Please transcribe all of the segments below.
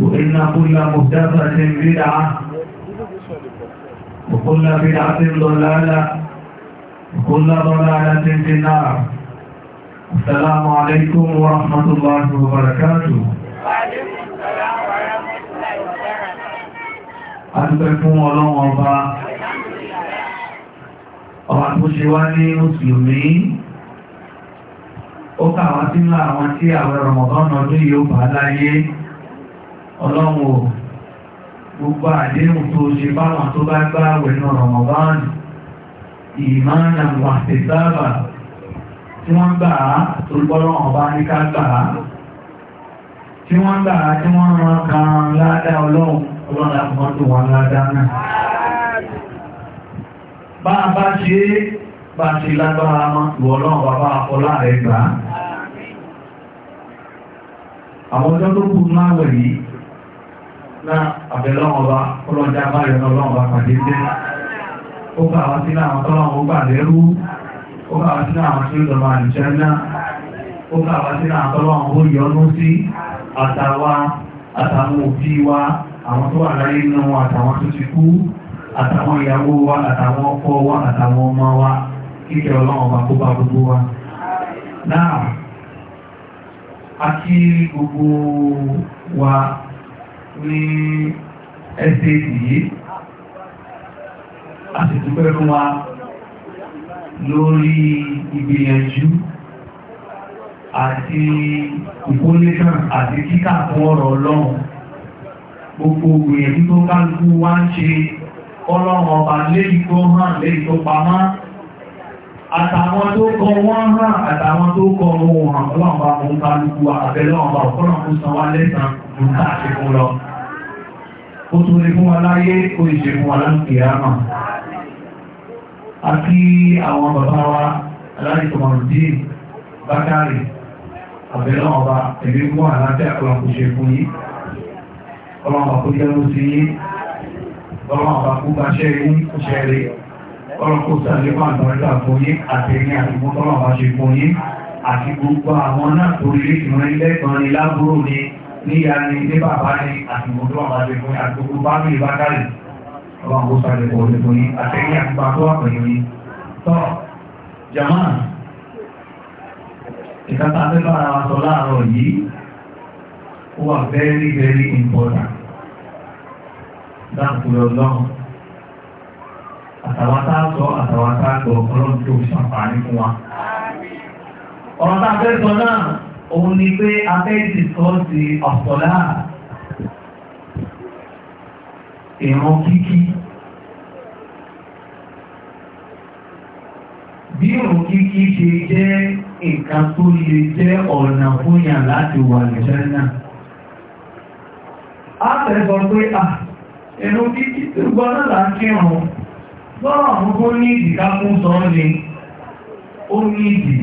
وإن كل مهدفة بدعة وكل بدعة ضلالة وكل ضلالة في النار السلام عليكم ورحمة الله وبركاته وعليكم السلام ورحمة الله وبركاته أنتكم ولو أربعة ọ̀rọ̀ tó ṣe wá ní mùsùlùmí ó kà wá sínú àwọn tí àwọn Ramadan ọdún yóò bá láyé ọlọ́run o gbogbo àdéhùn tó ṣe báwọn tó bá gbá àwẹ̀ náà rọ̀mọ̀báàlù ìmáàna wàtẹ̀sáàbà tí wọ́n gbà á tó gbọ́dọ̀ ọba ní ká gbà á tí wọ́n gbà á tí wọ́n ran kan ládàá ọlọ́run ọlọ́run àfọwọ́n tó wà ládàá náà. bá a bá ṣe é bá a ṣe lágbára mọ́ ìwọ ọlọ́run bàbá ọlá rẹ̀ gbà á. àwọn ọjọ́ tó kù náà wẹ̀ yìí náà àbẹ̀lọ́wọ̀n ọba ọlọ́jà báyọ̀ ọlọ́wọ̀n ọba pàdé jẹ́ ó bá wá sínú àwọn tọ́lọ́wọ̀n ó gbà lẹ́rú ó bá wá sínú àwọn tí ó dọ̀mà àlùjẹ́ náà ó bá wá sínú àwọn tọ́lọ́wọ̀n ó yọnú sí àtàwa àtàwọn òbí wa àwọn tó wà láyé nínú wa àtàwọn tó ti kú àtàwọn ìyàwó wa àtàwọn ọkọ wa àtàwọn ọmọ wa kíkẹ́ ọlọ́wọ̀n ọba kó gbogbo wa ní ẹsẹ̀ yìí a sì dúpẹ́ fún wa lórí ìgbìyànjú àti ìkólékàn àti kíkà fún ọ̀rọ̀ ọlọ́run gbogbo ìgbìyànjú tó kálukú wá ń ṣe ọlọ́run ọba léyìí tó hàn léyìí tó pamọ́ àtàwọn tó kọ wọ́n hàn àtàwọn tó kọ ohun hàn ọlọ́run bá mú kálukú àbẹ́lọ́run bá ọ̀pọ̀lọ́run san wá lẹ́sàn-án lùkà àṣekún lọ ó tún lè fún wa láyé ó ìṣe fún wa láti àmà àti àwọn bàbá wa aláìsọmọ̀rùdí bákàrí àbẹ̀lọ́ ọba ẹ̀mí fún àlàáfẹ́ àkọlọ́kùnṣe fún yí ọlọ́wọ́ àkójẹ́rú sí yí ọlọ́wọ́ àbákúgbàṣẹ́ yí ṣẹ́rẹ́ ọlọ́kùn sàlẹ́fà àgbàríkà fún yí àtẹ̀yìn àtìmọ́tọ́lọ́wọ́ àṣẹ fún yí àti gbogbo àwọn náà torí ìrìnlẹ́gbọ̀n ni lábúrò ni ní ya ni ní bàbá ní àti mọ̀tò àwọn àti fún àtòkù bá ní ìbákàlì ọba kó sàlẹ̀ pọ̀ nínú yín àtẹ̀yìn àgbà tó wà pẹ̀lú yín. tọ́ jama ìkàtà pépà ara wa sọ láàárọ̀ yìí ó wà very very important dáàbò lọ́lọ́run àtàwọn tá a sọ àtàwọn tá a gbọ́ ọlọ́run tó ṣàǹfààní fún wa. ọ̀rọ̀ tá a fẹ́ sọ náà òun ni pé abẹ́ẹ̀dì sọ́ọ̀sì ọ̀pọ̀lá ìran kíkí bí ìrùn kíkí ṣe jẹ́ nǹkan tó lè jẹ́ ọ̀nà fúnyà láti wà lẹ́jẹ́ náà a tẹ́sọ pé à ẹnu kíkí tó gbọ́nà láti rùn lọ́rọ̀ àwọn tó ní ìdíkà fún sọ́ọ́ ni ó ní ìdí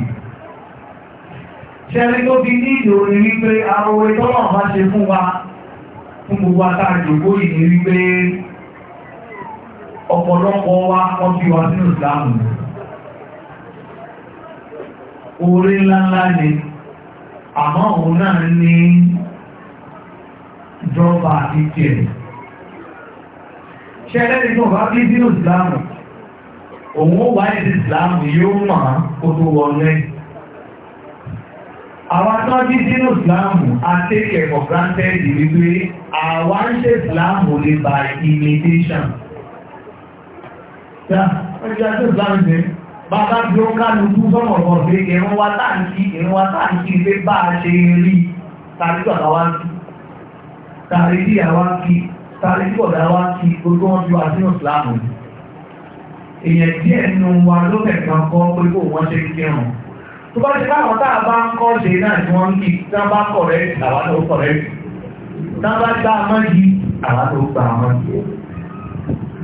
ṣẹ́rí tó bí ní ìròyìn wípé àwọ̀wé tọ́lọ̀ bá ṣe fún wa fún gbogbo àtàjòkó ìní wípé ọ̀pọ̀lọpọ̀ wa wọ́n bí wa sínú ìsìlámù orí ńláńlá ni àmọ́ òun náà ní ìjọba àti tiẹ̀ ṣẹ́rẹ́ni tó bá bí sínú ìsìlámù òun ó wáyé sí ìsìlámù yóò mọ̀ kó tó wọlé àwọn tó jí sínú ìsìláàmù àti for granted wípé àwọn ń ṣe ìsìláàmù lè by imitation. ṣá wọ́n ti ṣe ìsìláàmù ṣe bàbá bí ó kálukú sọ̀rọ̀ kan pé ìrún wa táǹkì ìrún wa táǹkì pé bá a ṣe rí tàbí bàbá wa kí tàbí bí àwa kí tàbí bí ọ̀dà wa kí gbogbo wọn fi wá sínú ìsìláàmù. èèyàn díẹ̀ nínú wa ló fẹ̀ kan kọ́ pé kó wọ́n ṣe kírun tó bá ti káwọn tá a bá ń kọ́ ṣe náà ni wọ́n ń kí tá a bá kọ̀ rẹ̀ àwa ló kọ̀ rẹ̀ tá a bá gbá a mọ́ yìí àwa ló gbá a mọ́ yìí.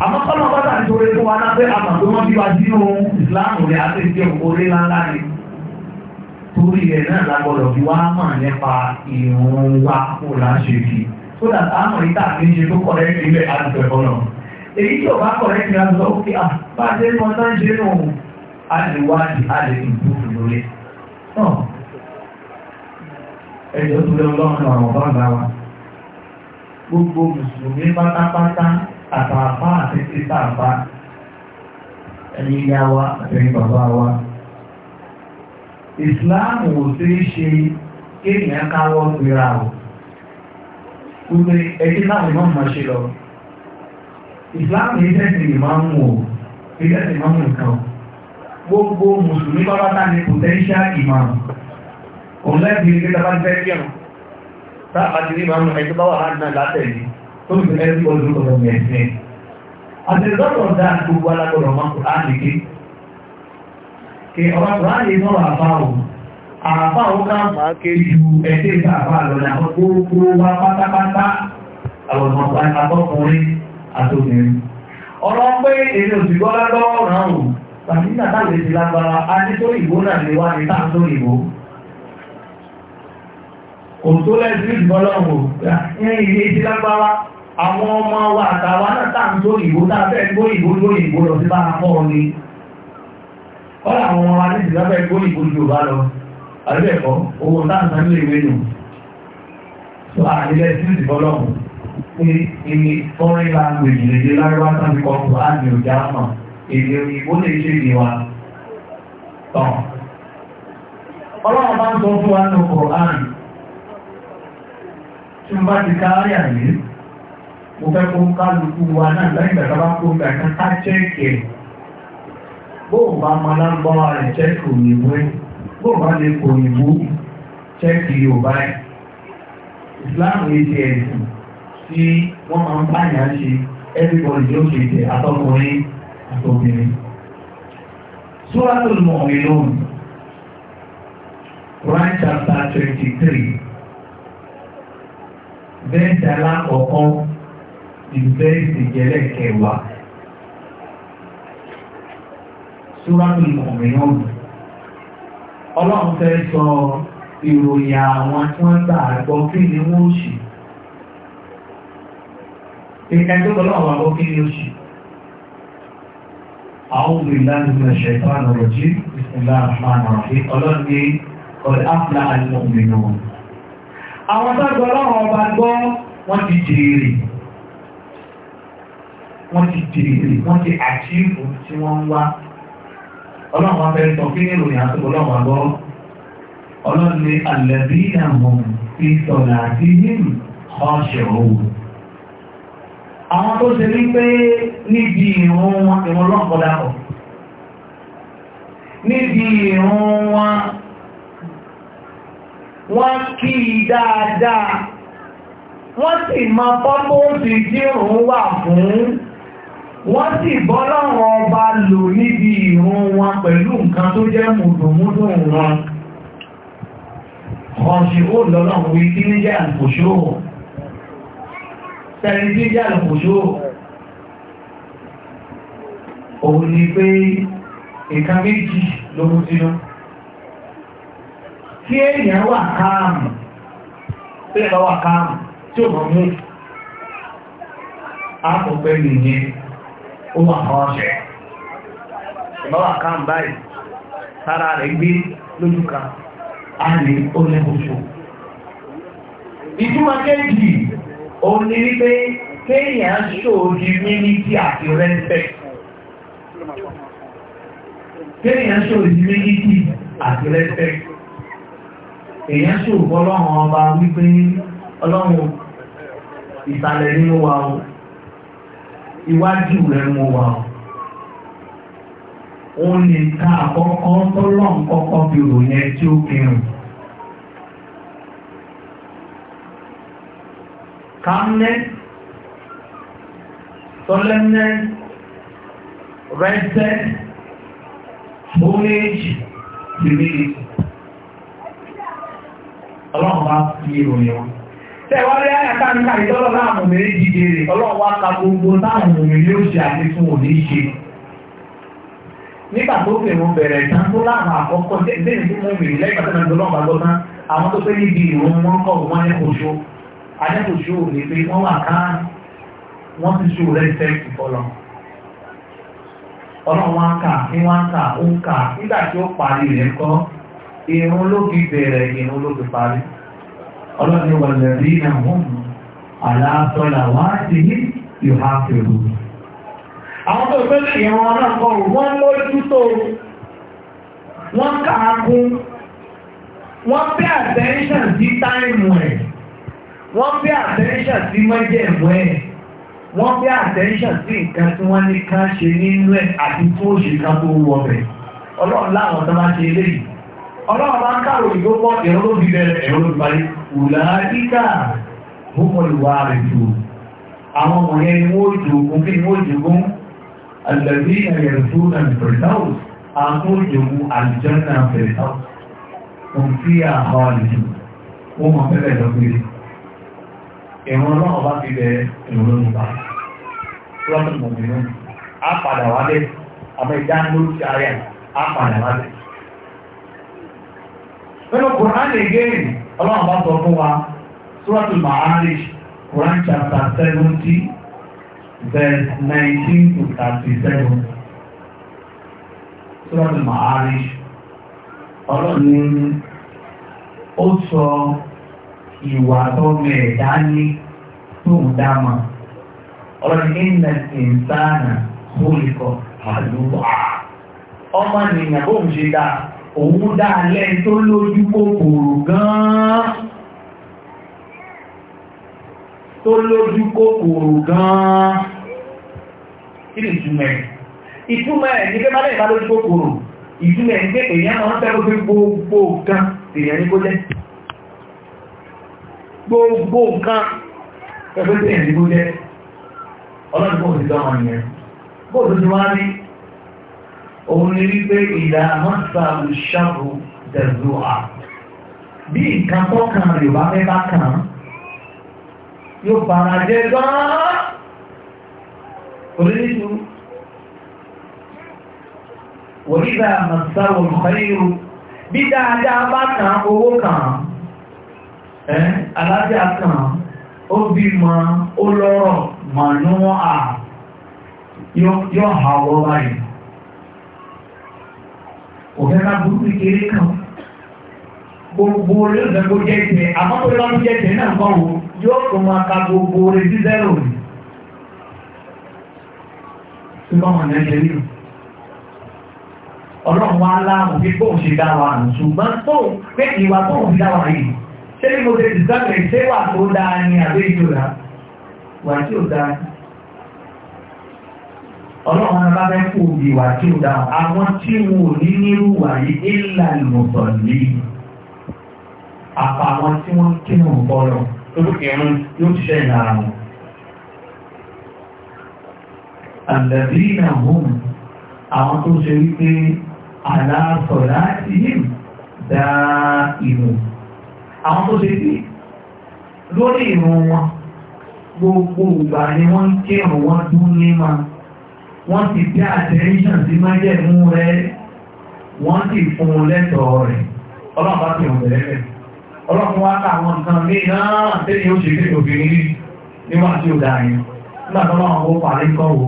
àmọ́ kọ́nà bàtà nítorí fún wa náà pé àmọ̀ tó wọ́n bí wa sínú ìsìláàmù rẹ̀ àti ìdí òkúrẹ́ ńláńlá ni torí ẹ̀ náà la gbọ́dọ̀ fi wá mọ̀ nípa ìrún wa kó láṣẹ kí tó dà táwọn ìta àkíńṣe tó kọ̀ rẹ̀ nílẹ̀ àdùgbò ẹ̀kọ́ náà èyí tí ọba kọ̀ rẹ̀ kí a sọ bá a ṣe ń mọ sáńṣe nù a lè wá a lórí ẹ̀jọ́ tó lé ọlọ́run àwọn bàbá wa gbogbo mùsùlùmí pátápátá àtàpá àti títàpá ẹni ìyá wa àtẹ̀yìn bàbá wa ìsìláàmù ò sí ṣe kéèyàn káwọ́ gbéra o gbogbo ẹjí láti mọ́ mọ́ ṣe lọ ìsìláàmù ìjẹ́sìn ìmáàmù ò ìjẹ́sìn ìmáàmù nǹkan o gbogbo mùsùlùmí bá bátá ní potential imam òun lẹ́bí ní tàbá jẹ́ kírùn tàbá ti ní ìmọ̀ ẹ̀tọ́ bá wà náà látẹ̀lé tó fi ẹ̀rí ọdún ọ̀rọ̀ ẹ̀sìn àtẹ̀lẹ́sọ́tọ̀ dá gbogbo alágbọ̀rọ̀ ọmọ kùránì ké kí ọmọ kùránì náà wà bá o àbá o ká má ké ju ẹ̀sẹ̀ ìgbàgbà lọ́nà àwọn gbogbo wa pátápátá àwọn ọmọkùnrin àtọkùnrin àtọkùnrin ọ̀rọ̀ pé èrè òsìgbọ́lá lọ́rùn tàbí nígbà táwọn èdè lágbára a ní tó ìbò náà lè wá ní táà tó ìbò kò tó lẹ́sìn ìbọ́lọ́wò ní ilé èdè lágbára àwọn ọmọ wa àtàwa náà táà tó ìbò táà fẹ́ gbó lọ sí bára pọ̀ ni kọ́lá àwọn ọmọ wa ní ìdílé fẹ́ gbó ìbò ju bá lọ àbẹ́ẹ̀kọ́ owó táà sàn ní ìwé nù tó àìlẹ́sìn ìbọ́lọ́wò ní ìní foreign language lè dé lárúbá sáfi kọ́ èdè òyìnbó lè ṣe èdè wa tán. ọlọ́run bá ń sọ fún wa ní Qur'an tí mo bá ti ká rí àyè mo fẹ́ kó kálukú wa náà lẹ́yìn ìgbà tó bá kó gbà kan ká chẹ́ẹ̀kì ẹ̀ bóun bá mọ lágbọ́n rẹ̀ chẹ́ẹ̀kì òyìnbó ẹ̀ bóun bá lè kó òyìnbó chẹ́ẹ̀kì Yorùbá ẹ̀ ìsìláàmù èdè ẹ̀sìn tí wọ́n máa ń báyà ṣe everybody ló ṣe ìtẹ̀ àtọkùnrin àtòbìnrin. Suratul Mu'minun, Quran chapter twenty three, bẹ́ẹ̀ dala kọ̀ọ̀kan ìbẹ́ẹ̀sì jẹ́lẹ̀ kẹwàá. Suratul Mu'minun, ọlọ́run fẹ́ sọ ìròyìn àwọn tí wọ́n gbà gbọ́ kí ni wọ́n ṣì. Ìkẹ́kọ̀ọ́ ọlọ́run wà gbọ́ kí ni ó ṣì. أعوذ بالله من الشيطان الرجيم بسم الله الرحمن الرحيم ọlọ́run ní قد أفلح المؤمنون àwọn tó gbọ́ ọlọ́run ọba gbọ́ wọ́n ti jèrè wọ́n ti jèrè wọ́n ti àṣírí tí wọ́n ń wá ọlọ́run afẹ́ sọ kí ní ìròyìn àti ọlọ́run àgbọ́ ọlọ́run ní alladhina hum fi salatihim khashi'un àwọn tó ṣe ní pé níbi ìrún wọn ìrún lọ́pọ̀dàpọ̀ níbi ìrún wọn wọ́n kí dáadáa wọ́n sì ma pọ́pọ́sì tí òun wà fún wọ́n sì bọ́lọ́rọ̀ ọba lò níbi ìrún wọn pẹ̀lú nǹkan tó jẹ́ mùdùmúdù wọn ọ̀ṣìwò lọ́lọ́run wí jẹ́ àkòṣòwò tẹ̀lé tí jẹ́ àlùkòjò òun ni pé nǹkan méjì ló tí èèyàn wà káàmù tí èèyàn wà káàmù tí ò mọ̀ mú àpòpẹ́ nìyẹn ó wà kọ́ ọ̀ṣẹ́ ìmọ̀ wà káàmù báyìí sára rẹ̀ gbé òun ni wípé kéèyàn ṣòdì mímítì àti respect kéèyàn ṣòdì mímítì àti respect èèyàn ṣòfò ọlọ́run ọba wípé ọlọ́run ìsàlẹ̀ nínú wa o iwájú rẹ̀ mú wa o òun ni ká àkọ́kọ́ tọ́lọ́ kọ́kọ́ fi ròyìn tí ó kírun. calmness, solemnness, rested, homage, humility. Ọlọ́run wá sí ìròyìn wọn. Tẹ́wọ́n rí àyàká láàmù mẹ́rin jíjẹ ka gbogbo láàmù mẹ́rin yóò ṣe àti fún òní ṣe. Nígbà tó fè mo bẹ̀rẹ̀ tán tó láàmù àkọ́kọ́ tẹ́lẹ̀ tó mú mi lẹ́yìn pàtàkì lọ́gbàgbọ́ tán, àwọn tó fẹ́ níbi adẹ́kùn ṣòwò lè pé wọ́n wà ká wọ́n ti ṣòwò rẹ́sẹ̀kì fọlọ́ ọlọ́run wá ń kà ní wá ń kà ó ń kà nígbà tí ó parí rẹ̀ kọ́ irun ló fi bẹ̀rẹ̀ irun ló fi parí ọlọ́run ní wọ́n lẹ́rí náà wọ́n mú àlàáfọ́là wá sí ní ìhà pẹ̀lú. àwọn tó fẹ́ lè yan ọ̀nà kan wọ́n lójú tó wọ́n kà á kún wọ́n pay attention sí táìmù ẹ̀ wọ́n pay attention sí mọ́jẹ̀mú ẹ̀ wọ́n pay attention sí nǹkan tí wọ́n ní ká ṣe nínú ẹ̀ àti tí ó ṣe ká tó wọ bẹ̀ ọlọ́run láwọn tó bá ṣe eléyìí ọlọ́run bá kárò ìgbó pọ̀ ẹ̀rọ ló fi bẹ̀rẹ̀ ẹ̀rọ ló fi parí wùlá kíkà ó mọ ìwà rẹ̀ jù àwọn ọmọ yẹn ni wọ́n jòkó kí ni wọ́n jòkó àlẹ́bí ẹ̀yẹ̀rẹ̀fú ẹ̀fẹ̀rẹ̀dáwò àwọn òjòwò àlùjọ́ náà ẹ̀wọ̀n náà bá ti bẹ ẹ̀wọ̀n ló ń bá lọ́sùn mọ̀mìnú á padà wálé àmọ́ ìdá ló ti ayà á padà wálé. Ma'arij Quran chapter seventy verse nineteen to thirty-seven Suratul Ma'arij ọlọ́run ó sọ ìwà tọ́mọ ẹ̀dá ní tóun dáma ọ̀rọ̀ ìnà ìsáànà múlikọ̀ àlùwà ọmọ nìyàn bóun ṣe dá òun dá alẹ́ tó lójú kòkòrò gan-an tó lójú kòkòrò gan-an kí ni ìtumọ̀ ẹ̀ ìtumọ̀ ẹ̀ ní pé má lẹ́yìn bá lójú kòkòrò ìtumọ̀ ẹ̀ ní pé èèyàn máa ń fẹ́ gbogbo nǹkan èèyàn ní kó jẹ́ gbogbo nǹkan ẹgbẹ́ tí ẹ̀dí ló jẹ́ ọlọ́run kò sí dáwọn yẹn bó ló ti wá ní òun ni wípé ìlà mọ́sà ṣàbù dẹ̀zúà bí nǹkan tó kàn rẹ̀ bá fẹ́ bá kàn yóò bàrà jẹ́ gan-an oríṣiríṣi wòlíbà mọ̀sáwò ìfẹ́ yìí bí dáadáa bá kàn owó kàn án alájà kan ó bímọ ó lọ́rọ̀ màánú à yóò hà wọ́ báyìí òfin ká burúkú kéré kan gbogbo orí ọ̀sẹ̀ kó jẹ́ ìtẹ̀ àmọ́ tó lọ́nu jẹ́ ìtẹ̀ náà kọ́ wò yóò tó máa ka gbogbo orí dídẹ́rù rẹ̀ tí wọ́n mọ̀ lẹ́sẹ̀ rí o ọlọ́run wa láàmú pé bóun ṣe dá wa nù ṣùgbọ́n tóun pé ìwà tóun fi dá wa yìí ṣé bí mo ṣe ti sọ́nà ìṣe wà tó dáa ni àbí ìjọba wà tí ò dáa ni ọlọ́run bá fẹ́ kó òbí wà tí ò dáa àwọn tí wọn ò ní nírú wà yìí ńlá ìmọ̀tọ̀ lé àpá àwọn tí wọ́n kí wọn bọ́lọ̀ lórí ìrún yóò ti ṣe ìlara wọn. àlẹ́bí ìnáwó àwọn tó ṣe wípé àlàáfọ̀ láti yìí dá ìmọ̀ àwọn tó ṣe pé lórí ìrun wọn gbogbo ìgbà ni wọ́n ń kírun wọ́n dún ní ma wọ́n ti bí àtẹ́ríṣàn sí májẹ̀mú rẹ wọ́n sì fún un lẹ́tọ̀ọ́ rẹ̀ ọlọ́pàá ti hàn bẹ̀rẹ̀ rẹ̀ ọlọ́pàá wá ká àwọn nǹkan ní náà tẹ́lẹ̀ ó ṣe kéde òfin rí níwà tí ó dáa yẹn nígbà tó máa wó parí kọ́ wo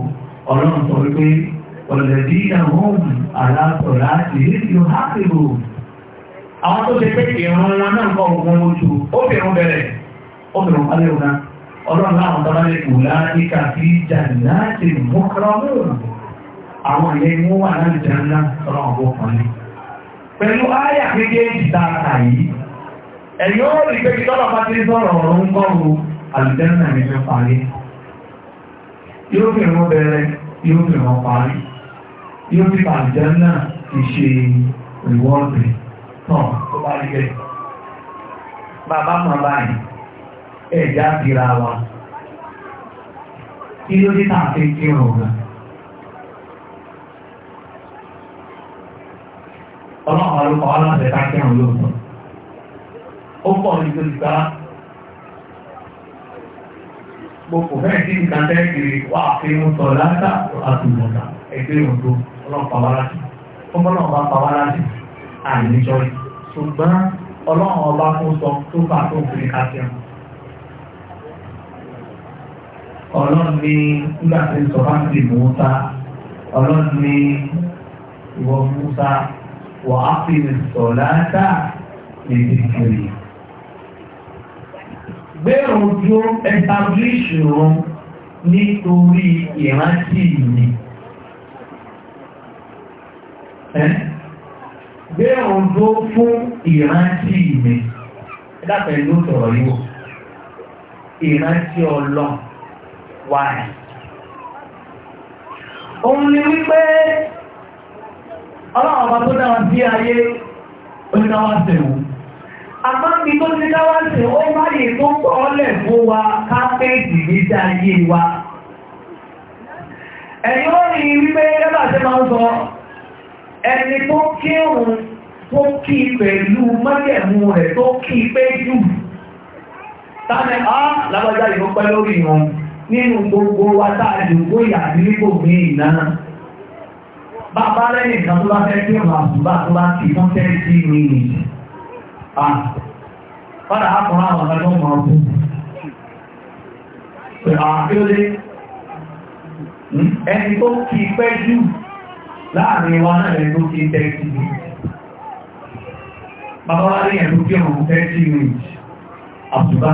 ọlọ́run sọ wípé ọ̀lẹ́dí ìyàwó àlàtọ̀ láti èyí tí ó hápèrò àwọn tó ṣe pé ìrún wọn náà kọ ogun oṣù ó fi ìrún bẹ̀rẹ̀ ó fi ìrún pálẹ̀ ọ̀nà ọlọ́run láwọn tó máa lè kù láyíká sí jàǹdà ti mú kọ́rọ́mù àwọn ilé mú wà láti jàǹdà ọlọ́run ọgbọ́n kan ní. pẹ̀lú áyà méjèèjì tá a kà yìí ẹ̀yọ́ rí pé kí tọ́lọ̀ bá ti sọ̀rọ̀ ọ̀rọ̀ ń kọ́rù àlùjẹ́nà ní fẹ́ parí yóò fi ìrún bẹ̀rẹ̀ yóò fi ìrún parí yóò fi àlùjẹ́nà ti ṣe rìwọ́ọ̀dù tàn tó bá rí bẹ́ẹ̀. Bàbá máa báyìí, ẹ̀já bìíra wa. Kí ló dé tàbí kírun gan? Ọlọ́run ọlọ́pàá wá láti ẹ̀ka kírun lóòótọ́. Ó pọ̀ nítorí pé gbogbo fẹ́ẹ̀ sí nǹkan tẹ́kiri wà pé mo sọ látà àtùmọ̀tà ẹgbẹ́ òdo ọlọ́pàá wá láti. Ó mọ́ náà bá pa wá láti àìníjọ́ ṣùgbọ́n ọlọ́run ọba fún sọ tó fà tó ń fi kásí ọ. ọlọ́run ní nígbà tí ń sọ bá ń fi mùúta ọlọ́run ní ìwọ mùúta wà á fi lè sọ láádáa lè di kiri. gbèrò ojú ẹtablíṣì wọn nítorí ìrántí mi. gbé òǹdó fún ìrántí mi ẹ̀dàpẹ̀ ló sọ̀rọ̀ ìrántí ọlọ́ wà ní. òun ni wípé ọlọ́run ọba tó dáwọn sí ayé oníkáwá sẹ̀wò àpáǹkì tó ti dáwà sí ó báyìí tó ń kọ́ fún wa kápẹ́ẹ̀tì níta ayé wa ẹ̀yìn ó rí máa ń sọ ẹni tó kírun tó kí pẹ̀lú májẹ̀mú rẹ̀ tó kí pé jù tánẹ̀ á lábájá ìrọ́pẹ́ lórí wọn nínú gbogbo wa táàdì ó yà nígbò mí ìná bàbá lẹ́yìn kan tó bá fẹ́ kí ọ̀nà àbúgbà tó bá ti fún tẹ́ẹ̀tì mi nìyí padà ápùnrán àwọn ọ̀gá tó mọ̀ ọ̀bùn pẹ̀lú àkílé hmm, ẹni tó kí pẹ́ jù láàrin wa náà lẹ́nu kí tẹ́kì ní bàbá wá ní ẹ̀lú kí ọ̀rùn tẹ́kì méjì àtúbá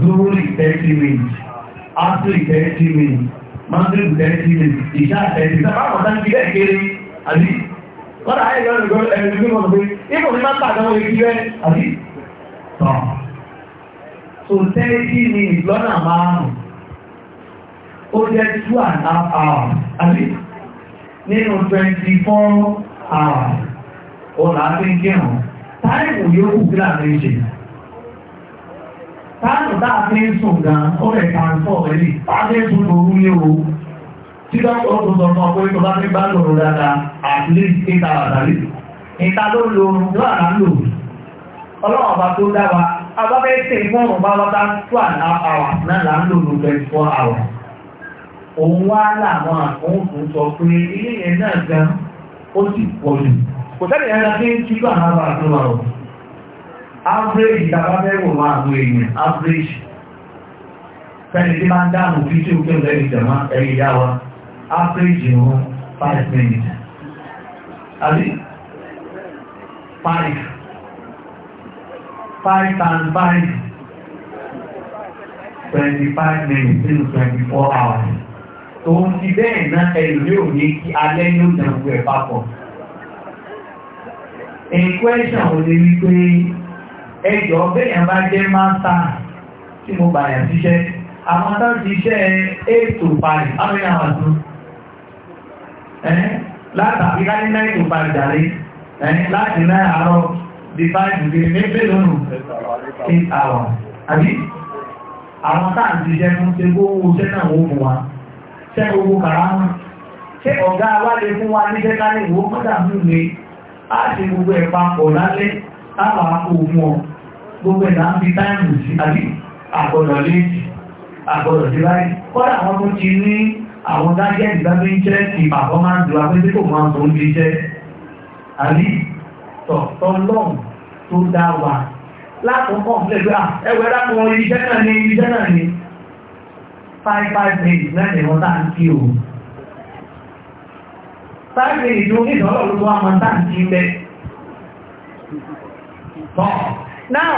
zúrúrì tẹ́kì méjì áṣírì tẹ́kì méjì mándírì tẹ́kì méjì ìṣá tẹ́kì sábà wọn náà kí lẹ́kẹ́rẹ́ àbí wọ́n náà ayé lọ́rùn ẹ̀rù kí wọ́n pé ipò mi máa ń pàdánwò lè so tẹ́kì ní ìlọ́nà márùn-ún ó jẹ́ two and a half hours àbí nínú 24 hours ọ̀nà àfíńkírùn táìmù yóò kù kílà méjì táìmù dáàfin sùn gan ọ̀rẹ́ kàńtọ̀ ẹ̀lì pàdé sùn lóru ní o tí dọ́kọ̀ ó sọ fún ọkọ̀ ìtọ́lá ní bá lòrò dáadáa àti ìta ló lo lò tó tẹ̀ fún bá bá náà là ń lò òun wá láwọn àkóhùn sọ pé ilé yẹn náà gan ó sì pọ̀ jù kò sẹ́ni ẹ̀rọ pé kíló àwọn àbá tó wà average ìjàmbá àwọn èèyàn average fẹ́ni tí máa ń tí ó kí yá wa average 5 minutes àbí five five tó ń fi bẹ́ẹ̀ ná ẹlòmí ò ní kí alẹ́ ní ó dàn gbogbo ẹ̀ papọ̀. ìkwẹ́sàn ò lè rí pé ẹjọ́ bẹ́yàn bá jẹ́ máta tí mo bà yàn síṣẹ́ àwọn tó ti ṣẹ́ ètò parí àwọn ìyàwó àtún látàbí ká ní náà ètò parí jàre láti náà àárọ̀ di báyìí gbèrè mẹ́fẹ́ lónìí táà ti ṣẹ́ fún ṣe gbówó ṣẹ́ náà wó wa ṣe gbogbo kàránù ṣe ọ̀gá wa lè fún wa ní sẹ́kálẹ̀ ìwò mọ́dà múlẹ̀ á ṣe gbogbo ẹ̀ papọ̀ lálẹ́ táwà òun ọ̀ gbogbo ẹ̀ náà fi táìmù sí àbí àgbọ̀dọ̀ léèjì àgbọ̀dọ̀ sí báyìí kọ́dà àwọn tó ti ní àwọn dájẹ́ẹ̀dì bá fi ń jẹ́ ti pàfọ́máǹdì wa pé kò máa tó ń fi jẹ́ iṣẹ́ náà ni iṣẹ́ náà ni five five minutes ni wọ́n tàn kí five minutes ló ní ìdánwò ló wà máa tàn kí bẹ́ẹ̀. bọ́ náà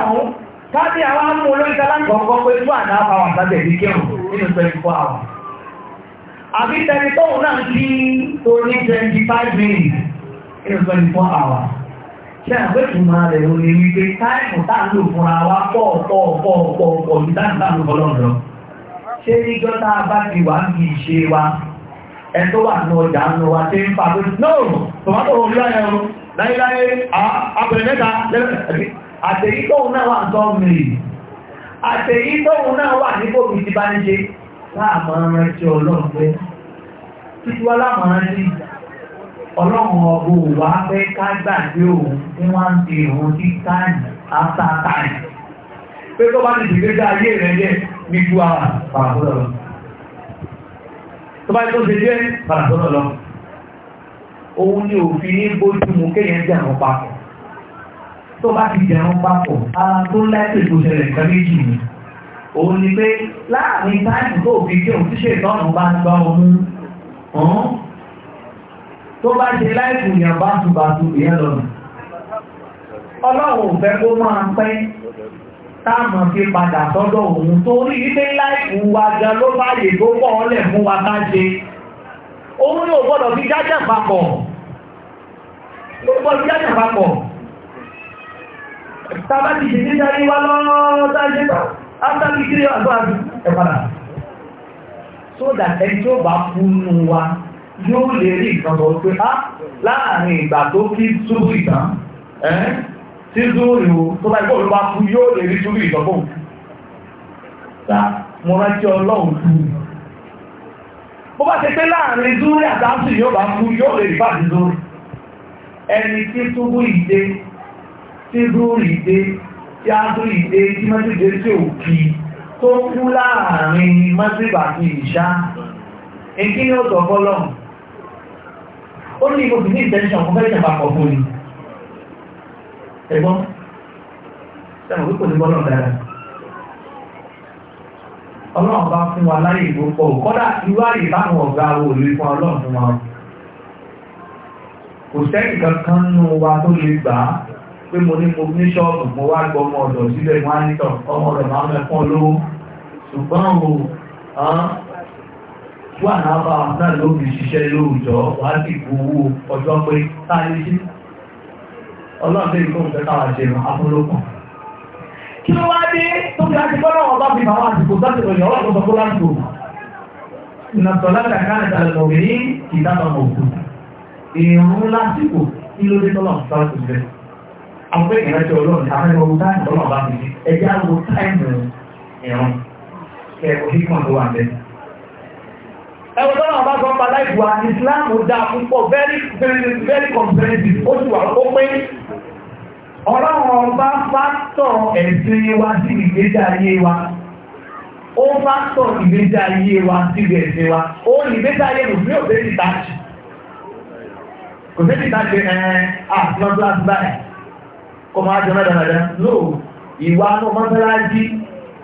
káàdì àwọn amú olóyìnká lágbọ̀ngọ́ pé two and a half hours láti nínú twenty four hours. àbí tẹni tóun náà kí tó ní twenty five minutes nínú twenty four hours. ṣé àgbẹ̀tùmọ̀ rẹ̀ ò ní wípé táìmù táà ń lò fúnra wa pọ̀ pọ̀ pọ̀ pọ̀ pọ̀ ní táìmù ṣé níjọ́ tá a bá ti wà ní ìṣe wa ẹ tó wà ní ọjà ń lọ wa ṣe ń fa tó no tomato wọn yá ẹ̀rọ láyéláyé àpẹẹrẹ mẹ́ta àtẹ̀yí tóun náà wà ń tọ́ mìíràn àtẹ̀yí tóun náà wà ní kòmí ti bá ń ṣe láàmọ́ ẹjọ́ ọlọ́run pé títí wá láàmọ́ ẹjọ́ ọlọ́run ọgbọ́ wà fẹ́ ká gbàgbé òun tí wọ́n ń fi òun sí táìmù after pé tó bá ti dìgbé dá ayé rẹ̀ yẹ ní ju ara pàràkúrọ̀ lọ tó bá tó ṣe jẹ́ pàràkúrọ̀ lọ ni òfin ní bójú mu kéèyàn jẹ́ àwọn papọ̀ tó bá ti jẹ́ àwọn papọ̀ ara tó lẹ́sẹ̀ tó ṣẹlẹ̀ nǹkan méjì ni òun ni pé láàrin táìmù tó fi jẹ́ òṣìṣe ìtọ́nù bá ń gbọ́ ọmú tó bá ṣe láìpù yàn bá tubàtù ìyẹn lọ́nà ọlọ́run ò fẹ́ kó máa pẹ́ táàmù fi padà sọ́dọ̀ òun torí ilé láìpù wa gan ló fàyè tó pọ̀ ọlẹ̀ fún wa bá ṣe òun yóò gbọ́dọ̀ fi jájà papọ̀ gbogbo jájà papọ̀ tàbá ti ṣe nígbà ní wa lọ́rọ́ sáyé náà kiri àgbà ẹ̀ padà so that ẹni tí ó bá fúnnu wa yóò lè rí ìkànnì pé ah, láàrin ìgbà tó kí túbú ìtàn tí zúúrù tó bá ikú olúwa fún yóò lè rí júrù ìdọ́gbọ̀n ta mo rántí ọlọ́run fún mi bó bá ṣe pé láàrin zúúrù àtàkùn yóò bá fún yóò lè rí fàájì zúúrù ẹni tí túbú ìdé tí zúúrù ìdé tí a tún ìdé tí mẹ́sìdé tí ò kí tó kú láàrin mẹ́sìdé àti ìṣá èkí ni ó sọ fọ́lọ́run ó ní mo sì ní ìtẹ́ńṣọ̀n fún fẹ́ẹ́ ẹ̀gbọ́n sẹ́wọ̀n pípò ní bọ́lọ̀ dára ọlọ́run bá fún wa láyé ìgbópọ̀ kọ́dà irú àyè báwọn ọ̀gá wo lè fún ọlọ́run fún wa kò sẹ́yìn kankan nù wa tó lè gbà á pé mo ní mo ní ṣọ́ọ̀bù mo wá gbọ́ ọmọ ọ̀dọ̀ sílẹ̀ wọ́n á ní tọ̀ ọmọ ọ̀dọ̀ máa ń mẹ́fọ́n lówó ṣùgbọ́n o wà náà bá náà ló ṣiṣẹ́ lóòjọ́ wàá sì kú owó ọjọ́ pé táyé sí ọlọ́ọ̀dẹ́ ìkó ìtẹ́ta wà ṣe àfọlọ́kùn. kí ló wá dé tó fi láti gbọ́dọ̀ wọn bá fi bàwọn àsìkò láti lòyìn ọlọ́ọ̀ tó sọ kó láti òkú. ìnàtọ̀lá kàkà ìtàlẹ̀ lọ́wọ́ ní ìdábà òkú. ìrún lásìkò kí ló dé tọ́lọ̀ sọ́ọ́ tó bẹ̀. àwọn ìrìnàjò ọlọ́run àwọn ẹ̀rọ táìmù tọ́lọ̀ bá fi ẹjẹ́ àgbo táìmù ẹ̀rọ kẹ́ẹ̀kọ́ kíkàn tó wà bẹ́ẹ̀ ẹwọ tọ́nà ọba sọ pa láì wà ìsìláàmù dá púpọ̀ very very very comprehensive ó sì wà ó pé ọlọ́run ọba fásitọ̀ ẹ̀sìn wa sí ìgbésí ayé wa ó fásitọ̀ ìgbésí ayé wa sí ìgbésí wa ó ìgbésí ayé kò sí òfin ìta jù kò sí ìta jù ẹ̀ àti ọdún àti báyìí kò máa jẹ mẹ́ta mẹ́ta lóò ìwà ọmọ mọ́tàlá jí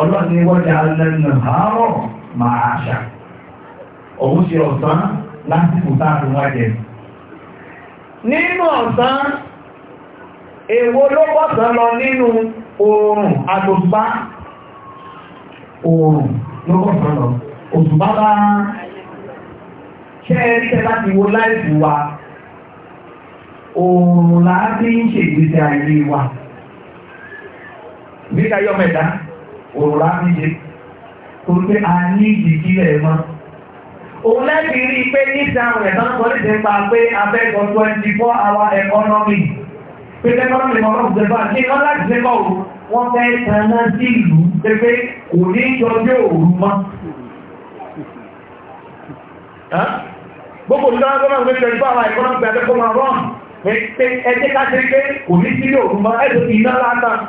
ọlọ́run ni wọ́n dá lẹ́nu àárọ̀ máa àṣà òun ṣe ọ̀sán lásìkò táàkùn wá jẹ nínú ọ̀sán èwo ló bọ́sán lọ nínú oòrùn àtòṣùpá oòrùn ló bọ́sán lọ òṣùpá bá kẹ́ẹ̀ẹ́tẹ́ láti wo láìsí wa oòrùn láti ń ṣègbésẹ̀ ayé wa bí ká òrùlá níye tó pé a ní ìdíkí ẹ̀ mọ́. òun lẹ́bi rí i pé ní sáwọn ẹ̀tọ́ ń kọ́lé ti pa pé abẹ́kọ̀ twenty four hour economy pé economy mọ́ ọ̀rọ̀ ìjọba ní wọ́n láti ṣe kọ́ òru wọ́n fẹ́ tanná sí ìlú pépé kò ní jọjọ́ òru mọ́. gbogbo ìjọba gbọ́dọ̀ gbé twenty four hour economy abẹ́kọ̀ máa rọ̀ pé ẹjẹ́ ká ṣe pé kò ní sílé òru mọ́ ẹ̀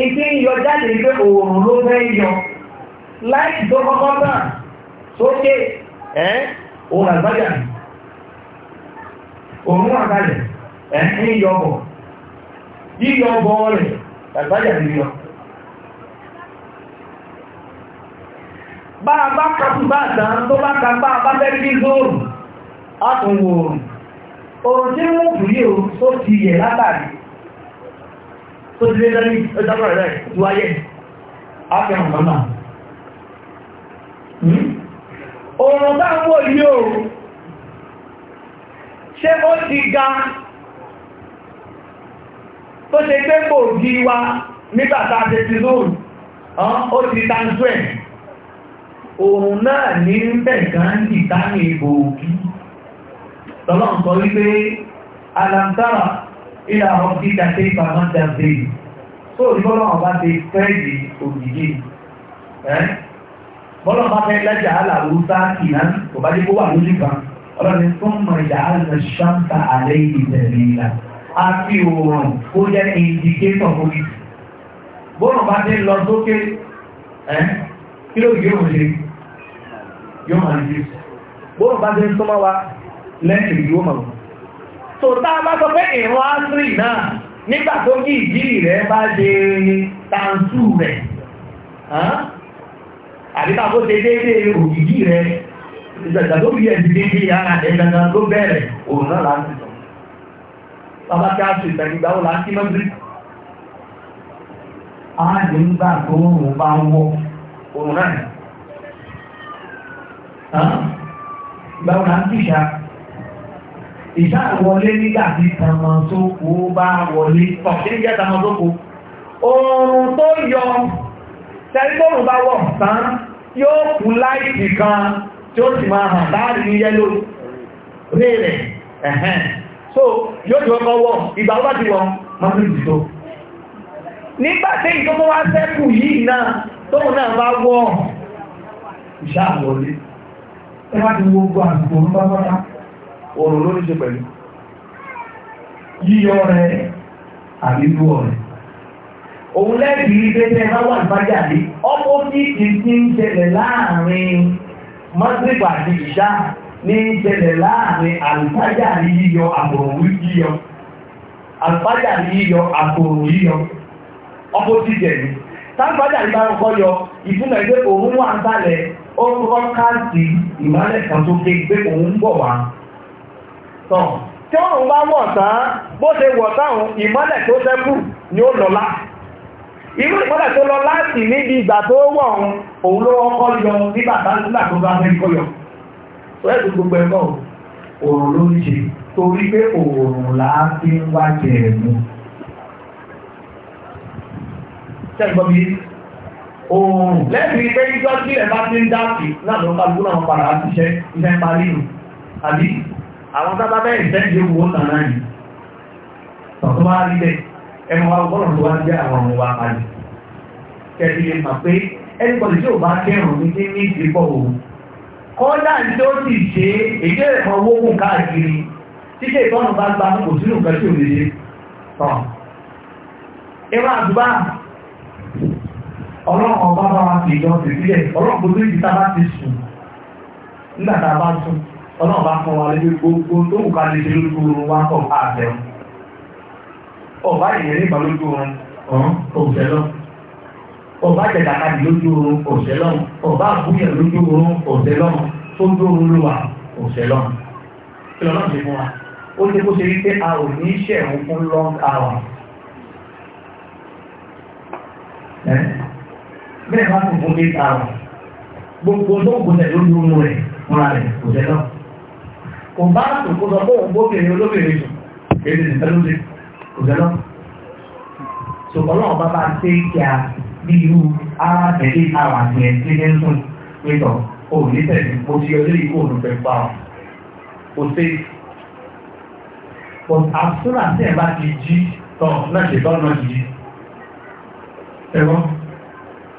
ìpín yọ jáde pé òòrùn ló fẹ́ yọ láìsí tó kọ́kọ́ náà sókè ẹ́ òun àgbájá òun àgbájá ẹ̀ ń yọ bọ̀ yíyọ bọ̀ rẹ̀ àgbájá ti yọ bá bá kàtù bá àtàn tó bá ka bá bá fẹ́ zóòrùn yẹ látàrí tó ti lé lẹ́rí ẹjọ́rọ̀ rẹ̀ tó ayé ápẹ́rùn mọ́nà hmm? ọ̀rọ̀ bá wọ́ ilé o ṣé ó ti ga tó ṣe pé kò jí wa nígbàtà àti lóòrùn ó ti tánjú ẹ̀ òun náà ní bẹ̀gán ìtàmì ìbò ilé àwọn bí kàtẹ́ ìfà máa ń da bẹ́ẹ̀ tó ní bọ́lá wọn bá ti fẹ́ẹ̀dì òjìjì bọ́lá wọn bá fẹ́ lẹ́jà aláwo sáàkì náà kò bá dé kó wà lójú kan ọlọ́ni fún mọ̀ ìjà àlùmọ̀ ṣáńtà àlẹ́ ìtẹ̀lé ìlà a fi òòrùn kó jẹ́ indikétọ̀ fún mi bọ́lá wọn ti lọ sókè kí ló yóò ṣe yóò máa ń ṣe bọ́lá wọn ti ń wa lẹ́yìn ìlú tòótá bá sọ pé ìrún áńtírì náà nígbà tó kí ìdí rẹ̀ bá ṣe tàǹtù rẹ̀ àbíká kó ṣe déédéé òjìjì rẹ̀ ìgbàgbà tó bí ẹ̀sìn déédéé ara rẹ̀ gangan ló bẹ̀rẹ̀ òun náà láti sọ bàbá tí a ṣe ìtàgbìgbà ó láti mọ́bírí ààrẹ nígbà tó rùn bá wọ òun náà ìgbà ó láti ṣáà ìṣàwọlé nígbà tí tàmọ̀sókò bá wọlé ọ̀kẹ́ jẹ́ tàmọ̀sókò oòrùn tó yọ tẹ́lifóòrùn bá wọ̀ tán yóò kú láìsì kan tí ó sì máa hàn láàrí ní yẹ́lò rẹ̀ ẹ̀hẹ́n so yóò ti ọkọ̀ wọ̀ ìgbà ó bá ti wọ̀ mọ́sílì tó nígbà tí ìtọ́kọ́ wá sẹ́kù yìí náà tóun náà bá wọ̀ ìṣàwọlé ẹ oòrùn ló ní ṣe pẹ̀lú yíyọ rẹ̀ àbíbú ọ̀rẹ́ òun lẹ́bi ìgbésẹ̀ bá wà nípàjáde ọkọ̀ títí ti ń ṣẹlẹ̀ láàrin mọ́tìrìpà àti ìṣá ní ń ṣẹlẹ̀ láàrin àlùfájàrí yíyọ àbòròwú yíyọ àlùfájàrí yíyọ àbòròwú yíyọ ọkọ̀ títí ẹ̀mí tábàjàrí bá ń kọ́yọ ìfúnná ẹgbẹ́ òun wà ń tán tí ọ̀run bá wọ̀ tán bó ṣe wọ̀ táwọn ìmọ́lẹ̀ tó ṣẹ́kù ni ó lọ́lá irú ìmọ́lẹ̀ tó lọ láti níbi ìgbà tó wọ̀ òun ló ọkọ́ yọ nígbà tánúlà tó bá fẹ́ kọ́ yọ rẹ́ẹ̀dù gbogbo ẹ̀kọ́ òòrùn ló ń ṣe torí pé òòrùn là á fi ń wájẹ ẹ̀mú ṣẹ́gbọ́n mi òòrùn lẹ́bìí pé ìjọ́ sílẹ̀ bá ti ń dá sí náà ló ń bá gbóná wọn padà á ti iṣẹ́ parí nù àbí àwọn tábà bẹ́ẹ̀ ìtẹ́jú owó nàrá yìí tọ̀tún wá rí bẹ́ẹ̀ ẹnu wa gbọ́dọ̀ tó wá jẹ́ àwọn ọmọ wa kalẹ̀ kẹ́bí lè mà pé tí bá ní ní o kọ́dà ní tó sì ṣe èdè ẹ̀kọ́ owó kù káàkiri ìtọ́nù bá gba kò sínú nǹkan tí ò lè ṣe tọ̀ bá wa fi ìjọ sí sílẹ̀ ọlọ́run bá fún wa lórí gbogbo tó wù ká lè ṣe lójú oorun wá kọ̀ bá àtẹ ọba ìyẹn nípa lójú oorun ọ̀hún òṣè lọ ọba jẹ̀dàkadì lójú oorun òṣè lọ ọba àbúyẹ̀ lójú oorun òṣè lọ tó dóorun ló wà òṣè lọ kí lọ́nà ti fún wa ó ṣe kó ṣe wípé a ò ní ṣẹ̀rùn fún long hour bẹ́ẹ̀ bá kún fún eight hours gbogbo tó kù tẹ̀ lójú oorun rẹ̀ fúnra rẹ̀ òṣè lọ kò bá tòkó lọ fún ògbóbìnrin olóbìnrin jù èdè ìtẹ́lódé kò jẹ́ náà ṣùgbọ́n náà bá bá ṣe kí a bí irú ara tẹ̀lé àwọn àti ẹ̀sìn ní sùn nítọ̀ o ní tẹ̀lé mo ti yọjú ikú òun fẹ́ pa ọ́ o ṣe but àtúnà tí ẹ bá ti jí tọ̀ náà ṣe tọ́ náà jí ẹ̀rọ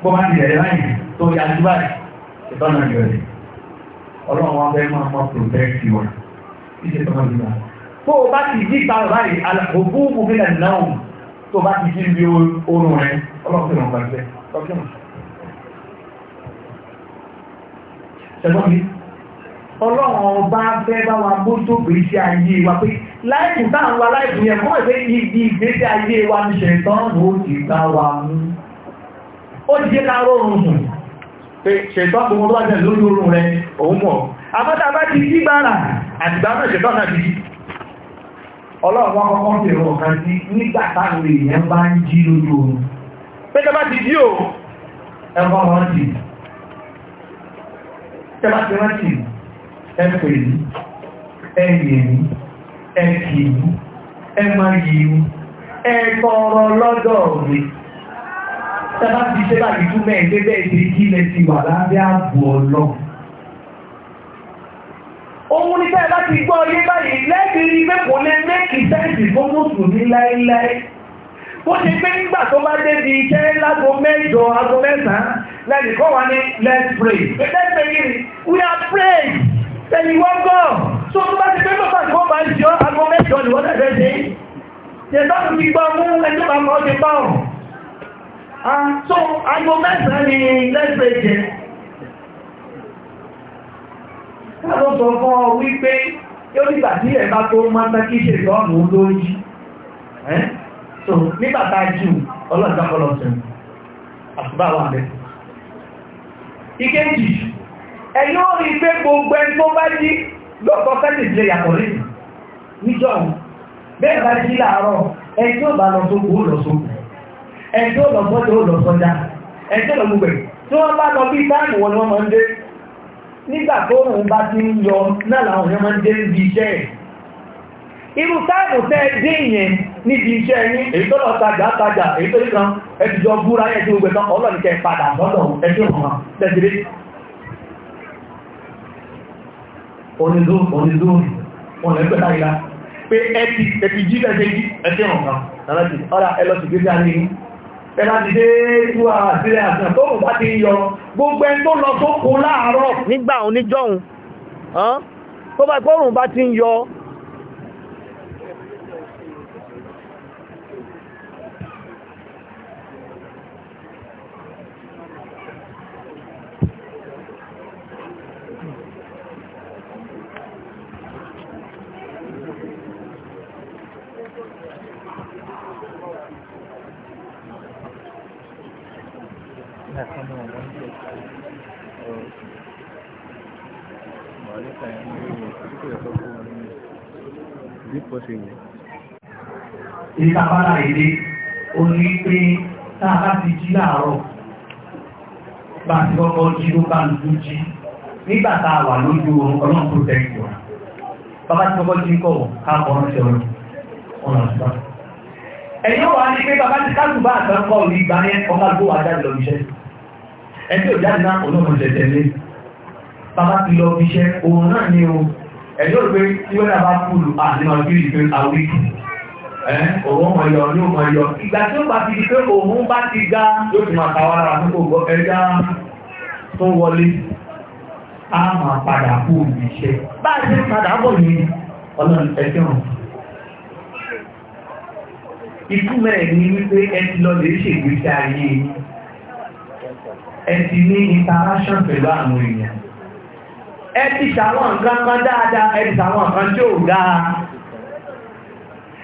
bó bá ti rẹ̀ láyìn tó yájú báyìí ṣe tọ́ náà yọ̀ ẹ̀ ọlọ́run wa fẹ́ máa mọ́ protect you tó o bá ti jí gbàrọ̀ báyìí òkú òfin ẹ̀ náà tó o bá ti jí bí oorun rẹ ọlọ́pàá ìrànwọ́ ẹgbẹ́ ọkẹ́mọ̀. ṣẹ̀gbọ́n mi ọlọ́run ọba fẹ́ bá wa mójútó gbèsè ayé wa pé láìpù bá ń wa láìpù yẹn mọ́ ìwé ibi ìgbésí ayé wa ń ṣe tán ó ti bá wa mú ó ti jẹ́ ká rọrùn sùn pé ṣètọ́ àpòmọ́ tó wájẹ̀ lórí oorun rẹ òun mọ̀ àmọ́ta ti jí gbára àtìgbà náà ṣe tọ́nà bí ọlọ́run wọn kọ́kọ́ fi rọ̀ kan sí nígbà táwọn èèyàn bá ń jí lójú oorun pé tẹ́ bá ti jí o ẹ̀kọ́ wọn ti tẹ́ bá ti rántí ẹ̀pẹ̀ yìí ẹ̀yẹ̀ yìí ẹ̀kì yìí ẹ̀mọ òun ní bẹ́ẹ̀ láti gbọ́ ọyé báyìí lẹ́bìrì pé kò lè méèkì sẹ́ǹsì fún mùsùlùmí láéláé ó ti pé nígbà tó bá débi iṣẹ́ lágo mẹ́jọ ago mẹ́sàn-án wa ní let's pray let's pray we are pray ẹ̀yìn wọ́n gọ́ tó tó bá ti pé mọ́ta tí wọ́n bá ń jọ ago mẹ́jọ ni wọ́n tẹ̀lé ṣe ṣẹ̀dá tó ti gbọ́ mú ẹni bá mọ́ ti bá ọ̀ ah, so ago mẹ́sàn ni let's pray káàlọ́ sọ fún ọ wípé yóò nígbà tí ẹ̀ bá tó máa tán kí ṣe ìtọ́nù lórí so nígbà tá a jù ọlọ́ọ̀dá ọlọ́ọ̀sẹ̀ àtúbà wà lẹ́ ìkejì ẹ̀yìn ó rí pé gbogbo ẹni tó bá jí lọ́kọ̀ fẹ́lẹ̀ ìdílé yàtọ̀ rí níjọ́ bẹ́ẹ̀ bá jí láàárọ̀ ẹni tó bá lọ sóko ó lọ sóko ẹni tó lọ sọ́jà ó lọ sọ́jà ẹni tó lọ gbogbo ẹ̀ tí wọ́n bá lọ bí táàmù wọn ni wọ́n máa ń dé nígbà tó rùn bá ti ń yọ náà làwọn ọ̀rẹ́ máa ń dé níbi iṣẹ́ ẹ̀ irú táàmù tẹ́ dé ìyẹn níbi iṣẹ́ ní èyí tó lọ tajà tajà èyí tó nìkan ẹjọ́ búra ẹjọ́ gbogbo ẹ̀tàn ọlọ́nìkẹ́ padà lọ́dọ̀ ẹjọ́ ọmọ tẹ́sìrí onídó onídó ọ̀nẹ́gbẹ̀ta ìlà pé ẹ ti jí tẹ́sìrí ẹjọ́ ọmọ ẹ̀lá ti dé ìwà àtìlẹ̀ àtìlẹ̀ tó mú bá ti yọ gbogbo ẹni tó lọ tó kó láàárọ̀ nígbà oníjọ́un tó bá ìpọ́rùn bá ti ń yọ ìtàbára èdè orí pé tàbá ti jí láàárọ̀ bá ti kọ́kọ́ jí ló bá lójú jí nígbàtà wà lójú oorun ọlọ́run tó tẹ́ ìwà bàbá ti kọ́kọ́ jí kọ̀wọ̀ káàkọ́ ránṣẹ́ ọ̀rọ̀ ọ̀nà ìgbà ẹ̀yọ́ wà ní pé bàbá ti káàkù bá àtàkọ́ orí ìgbà yẹn ọmọ àgbò wà jáde lọ iṣẹ́ ẹgbẹ́ òjáde náà olóòrùn tẹ̀tẹ̀lé bàbá ti lọ iṣẹ́ òun náà ni o ẹ̀yọ́ rẹ̀ pé tí òun ọmọ yọ ní yọ ìgbà tí ó bá ti di pé òun bá ti ga yóò ti máa tàwa ara gbogbo ẹja tó wọlé a máa padà kú ìṣe bá a ti padà bọ̀ ní ọlọ́run mẹ́rin wípé ẹ lọ lè ṣègbésí ayé ẹ ti ní pẹ̀lú àwọn èèyàn ẹ ti ṣàwọn nǹkan kan dáadáa ẹ ti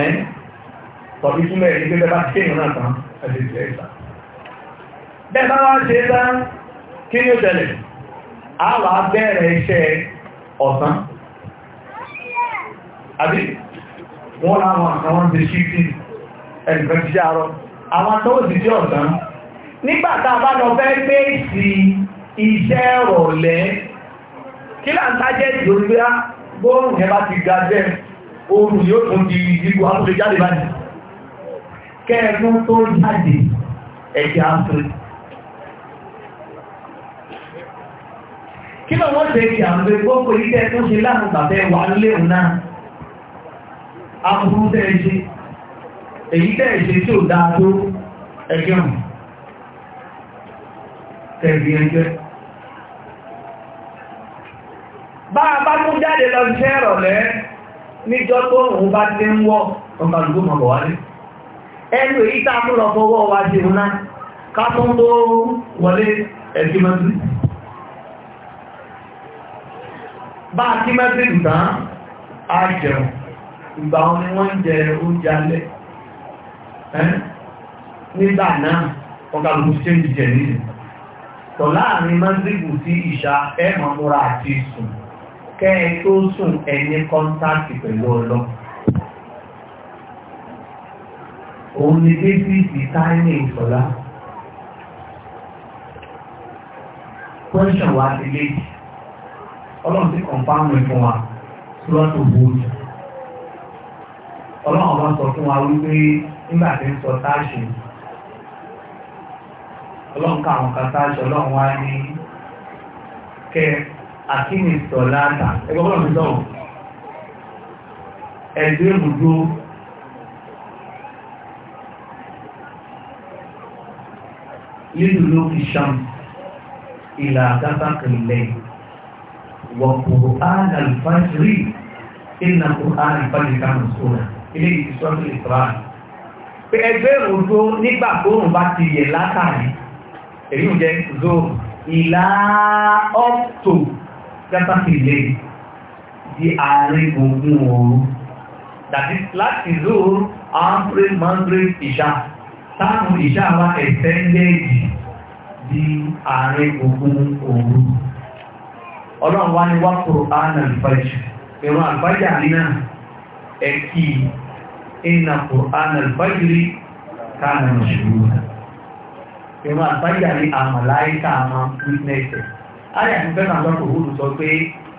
ẹ́ tọ̀bí túnmọ̀ ẹ̀rí pé bẹ́bá kéèyàn náà tán àdèjì ẹ̀ta bẹ́bá wá ṣe dá kí ní ó tẹ̀lẹ̀ a wà bẹ̀rẹ̀ iṣẹ́ ọ̀sán àbí wọ́n láwọn àwọn ti ṣí sí ẹnìkan ti ṣàrọ àwọn tó ti ṣe ọ̀sán nígbà tá a bá lọ fẹ́ pé sí ah, iṣẹ́ rọ̀lẹ́ kí láǹtájẹ́ ìdòdó gbóòrùn yẹn bá ti ga bẹ́ẹ̀ oòrùn yóò tún di ìgbò ápùlé jáde báyìí kẹ́ẹ̀kún tó jáde ẹ̀jẹ̀ ápùlé kí lọ wọ́n tẹ́kì àwọn gbogbo ilẹ̀ tó ṣe láàrín bàbẹ́ wà léhùn náà aburú tẹ́ẹ̀ṣe èyí tẹ́ẹ̀ṣe tí ó dáa tó ẹgbẹ̀rún tẹ́ẹ̀bí ẹgbẹ́ bá a bá mú jáde lọ sí ẹ̀rọ̀lẹ́ níjọ́ tó òun bá ti ń wọ́ ọmọ àdúgbò mọ̀ bọ̀ wálé ẹnu èyí tá a mú lọ fọwọ́ wa ṣe òun náà ká tó ń tó wọlé ẹ̀sìn mọ́tì bá a kí mẹ́sìn tán á jẹun ìgbà wọn ni wọ́n ń jẹ oúnjẹ alẹ́ nígbà náà ọkàlùkù ṣe ń jẹ nílẹ̀ tọ̀ láàrin mọ́sìn sí ìṣà ẹ̀mọ̀múra àti ìsùn kẹ́ẹ̀ tó sùn ẹni kọ́ńtáàtì pẹ̀lú ọlọ́ òun ni débìtì táìmì ìsọ̀lá wa ti léèkì ọlọ́run ti kọ̀ǹpáàmù fún wa lọ́tò bóòjù ọlọ́run wọn sọ fún wa wípé nígbà tí ń sọ táàṣì ọlọ́run ká àwọn kan táàṣì ọlọ́run wá àkíní sọ̀láta ẹgbẹ́ bọ́lọ̀ mi sọ̀rọ̀ ẹ̀dùn èbùdó lílùú fi ṣan ìlà àgbàbà kìlẹ̀ wọ̀pọ̀ àdàlùfájìrì ìnà kò àdàlùfájìrì kánù sóra ilé ìsọ́tò ìsọ́ra pé ẹgbẹ́ òjò nígbà tó rùn bá ti yẹ látàrí èyí ń jẹ́ zoro ìlà ọ́ptò sábàkìlẹ̀ di àárín ogun ooru tàbí láti lóòrò ambre mandre ìṣá táàmù ìṣá wa ẹ̀fẹ́ndẹ́ẹ̀dì di àárín ogun ooru ọlọ́run wá ní wákòrò àánà ìfàjì ẹ̀rọ àgbájá náà ẹ̀kí iná kòránà ìfàjìrí káàmù ìṣòro ẹ̀rọ àgbájá ní àmàláìkà àmà wítínẹ̀sẹ̀ ayé àti fẹ́ràn àlọ́kọ̀ òhùrù sọ pé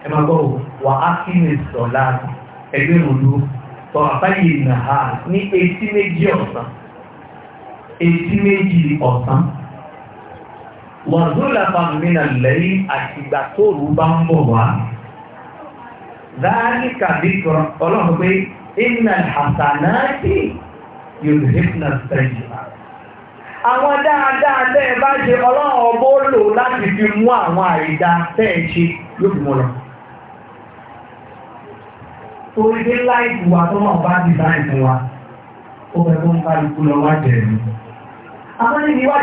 ẹ máa gbọ́ wà á kí ní sọ̀lá ẹgbẹ́ òlu sọ àbáyé ìnà ha ní etí méjì ọ̀sán etí méjì ọ̀sán wọ́n tó lápá mìíràn lẹ́yìn àtìgbà tó rú bá ń bọ̀ wá dáàrí kàbí ọlọ́run pé ìnà àtànáàtì yóò rí ìpínlẹ̀ sẹ́yìn àwọn dáadáa tẹ́ ẹ bá ṣe láti fi mú àwọn àìdá tẹ́ ẹ ṣe yóò fi mọ́ lọ. torí dé láìpù wa tó náà bá ti bá ìfún wa ó fẹ́ kó ń lọ wá àwọn wá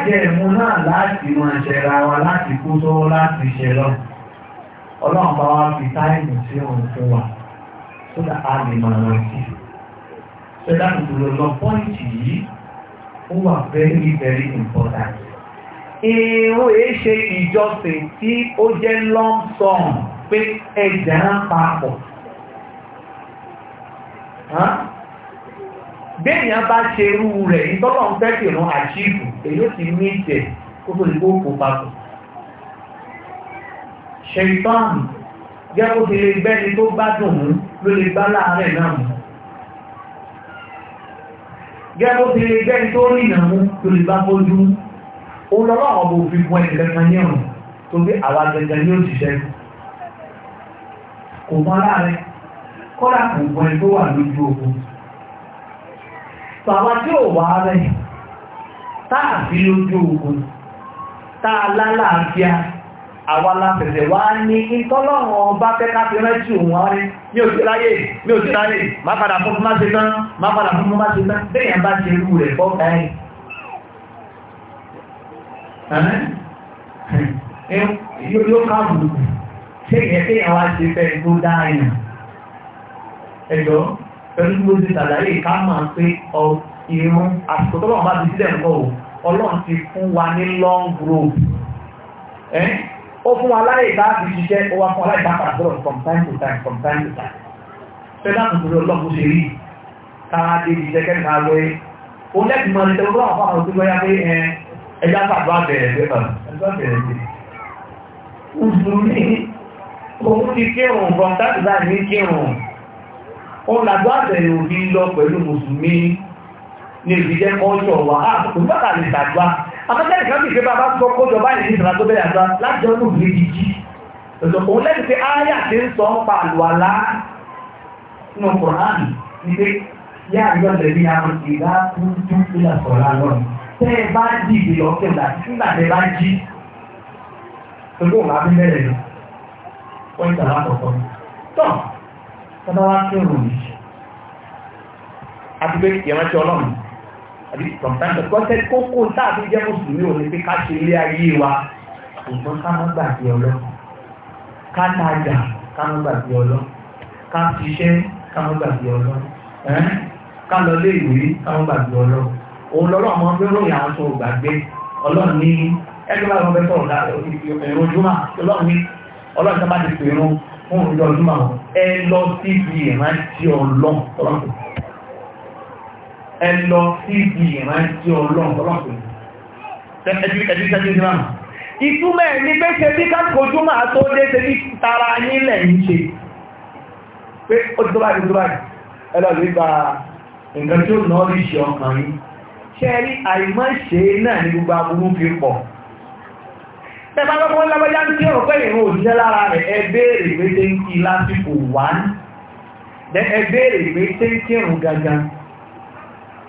wa láti sọ́wọ́ láti lọ. ọlọ́run bá wa fi táìmù sí òun fún wa lè lọ lọ pọ́ǹtì yìí. Who are very very important. Irun èé ṣe ìjọsìn tí ó jẹ́ long song pé ẹ̀jẹ̀ ń papọ̀. Béèyàn bá ṣe irú rẹ̀ ìtọ́lọ̀ ń fẹ́ kìrún àṣìkù èyí ti ní ìjẹ̀ kó tó lè kó kó papọ̀. Ṣèǹtọ́n jẹ́ kó ti lè gbẹ́ni tó gbádùn mú ló lè gbá láàárẹ̀ náà mú gẹ́gbó ti lè jẹ́ tó rí ìnàmú tó lè bá fojú ó lọ́wọ́ àwọn ọmọ òfin fún ẹnì kankan ní ọ̀run tó gbé àwa gangan ní òṣìṣẹ́ kò mọ láàrin kọ́dà kò mọ ẹni tó wà lójú ogun bàbá tí ò wá rẹ̀ táà sí lójú ogun táà lálàáfíà àwọn aláfẹ̀fẹ̀ wá ní ìtọ́lọ́wọ̀n bá fẹ́ káfí rẹ́jù wọn rí ní òjìláyé ní òjìláyé má padà fún fún má ṣe tán má padà fún fún má ṣe tán bẹ́yàn bá ṣe rú rẹ̀ bọ́ta ẹ̀ yóò káàbù ṣe ìyẹ́kẹ́ àwọn ṣe fẹ́ tó dáàyàn ẹ̀jọ́ bá ti sílẹ̀ ń kọ́ ọlọ́run ti fún wa ní long road ó fún wa láyé bá fi ṣiṣẹ́ ó wá fún wa láyé bá padà from time to time from time to time fẹ́lá tuntun ọlọ́pù ṣe rí káà dé ìṣẹ́ kẹta lọ ẹ́ o lẹ́kì mọ́ ní tẹ́lú láwọn fáwọn tó lọ́yá pé ẹjá pàdó àbẹ̀rẹ̀ bẹ̀rẹ̀ mùsùlùmí òun ti kírun from that time ní kírun o làdó àbẹ̀rẹ̀ òbí lọ pẹ̀lú mùsùlùmí ní ìbíjẹ́ kọ́ńtọ̀ wà á kò afẹ́fẹ́ ìkan bí ìgbébà bá sọ kó jọba ìlú ìdàgbà tó bẹ̀rẹ̀ àdúrà láti ọdún ìlú ìjì ọ̀dọ̀ òun lẹ́yìn pé ááyà ti ń sọ ń pa àlùwàlá nínú Qur'an ní pé yá àjọ tẹ̀lé àwọn ìlà kúndú ìlà sọ̀rọ̀ àlọ́ tẹ́ ẹ bá jí ìgbé lọ sí ìlà nígbà ń tàbá àbí kọ̀ǹtàǹtà kọ́tẹ́ kókó tàbí jẹ́ mùsùlùmí òní pé ká ṣe ilé ayé wa ṣùgbọ́n ká má gbàgbé ọlọ́ ká tajà ká má gbàgbé ọlọ́ ká ṣiṣẹ́ ká má gbàgbé ọlọ́ ká lọ lé ìwé ká má gbàgbé ọlọ́ òun lọ́rọ̀ àwọn ọmọ ẹgbẹ́ òyìn àwọn tó gbàgbé ọlọ́run ní ẹgbẹ́ bá wọn fẹ́ sọ̀rọ̀ ìrún júmọ̀ ọlọ́run ní ọlọ́run tó ti pè é ẹ lọ síbi ìrántí ọlọ́run ọlọ́pìn ìtumẹ̀ ní pé ṣe bí káàkójú máa tó dé ṣe bí tara nílẹ̀ ń ṣe pé ó ti tó báyìí tó báyìí ẹlọ́lẹ́ gba nǹkan tí ó náà rí ṣe ọkàn yìí ṣe rí àìmọ́ṣe náà ní gbogbo aburú fi pọ̀ tẹbà lọ́pọ̀ lábọ́já ń tí ọ̀pẹ́ ìrún òṣìṣẹ́ lára rẹ̀ ẹbẹ́rẹ̀ ìgbésẹ̀ ń kí lásìkò wá ẹbẹ́rẹ̀ ìgbésẹ̀ ń kírun gangan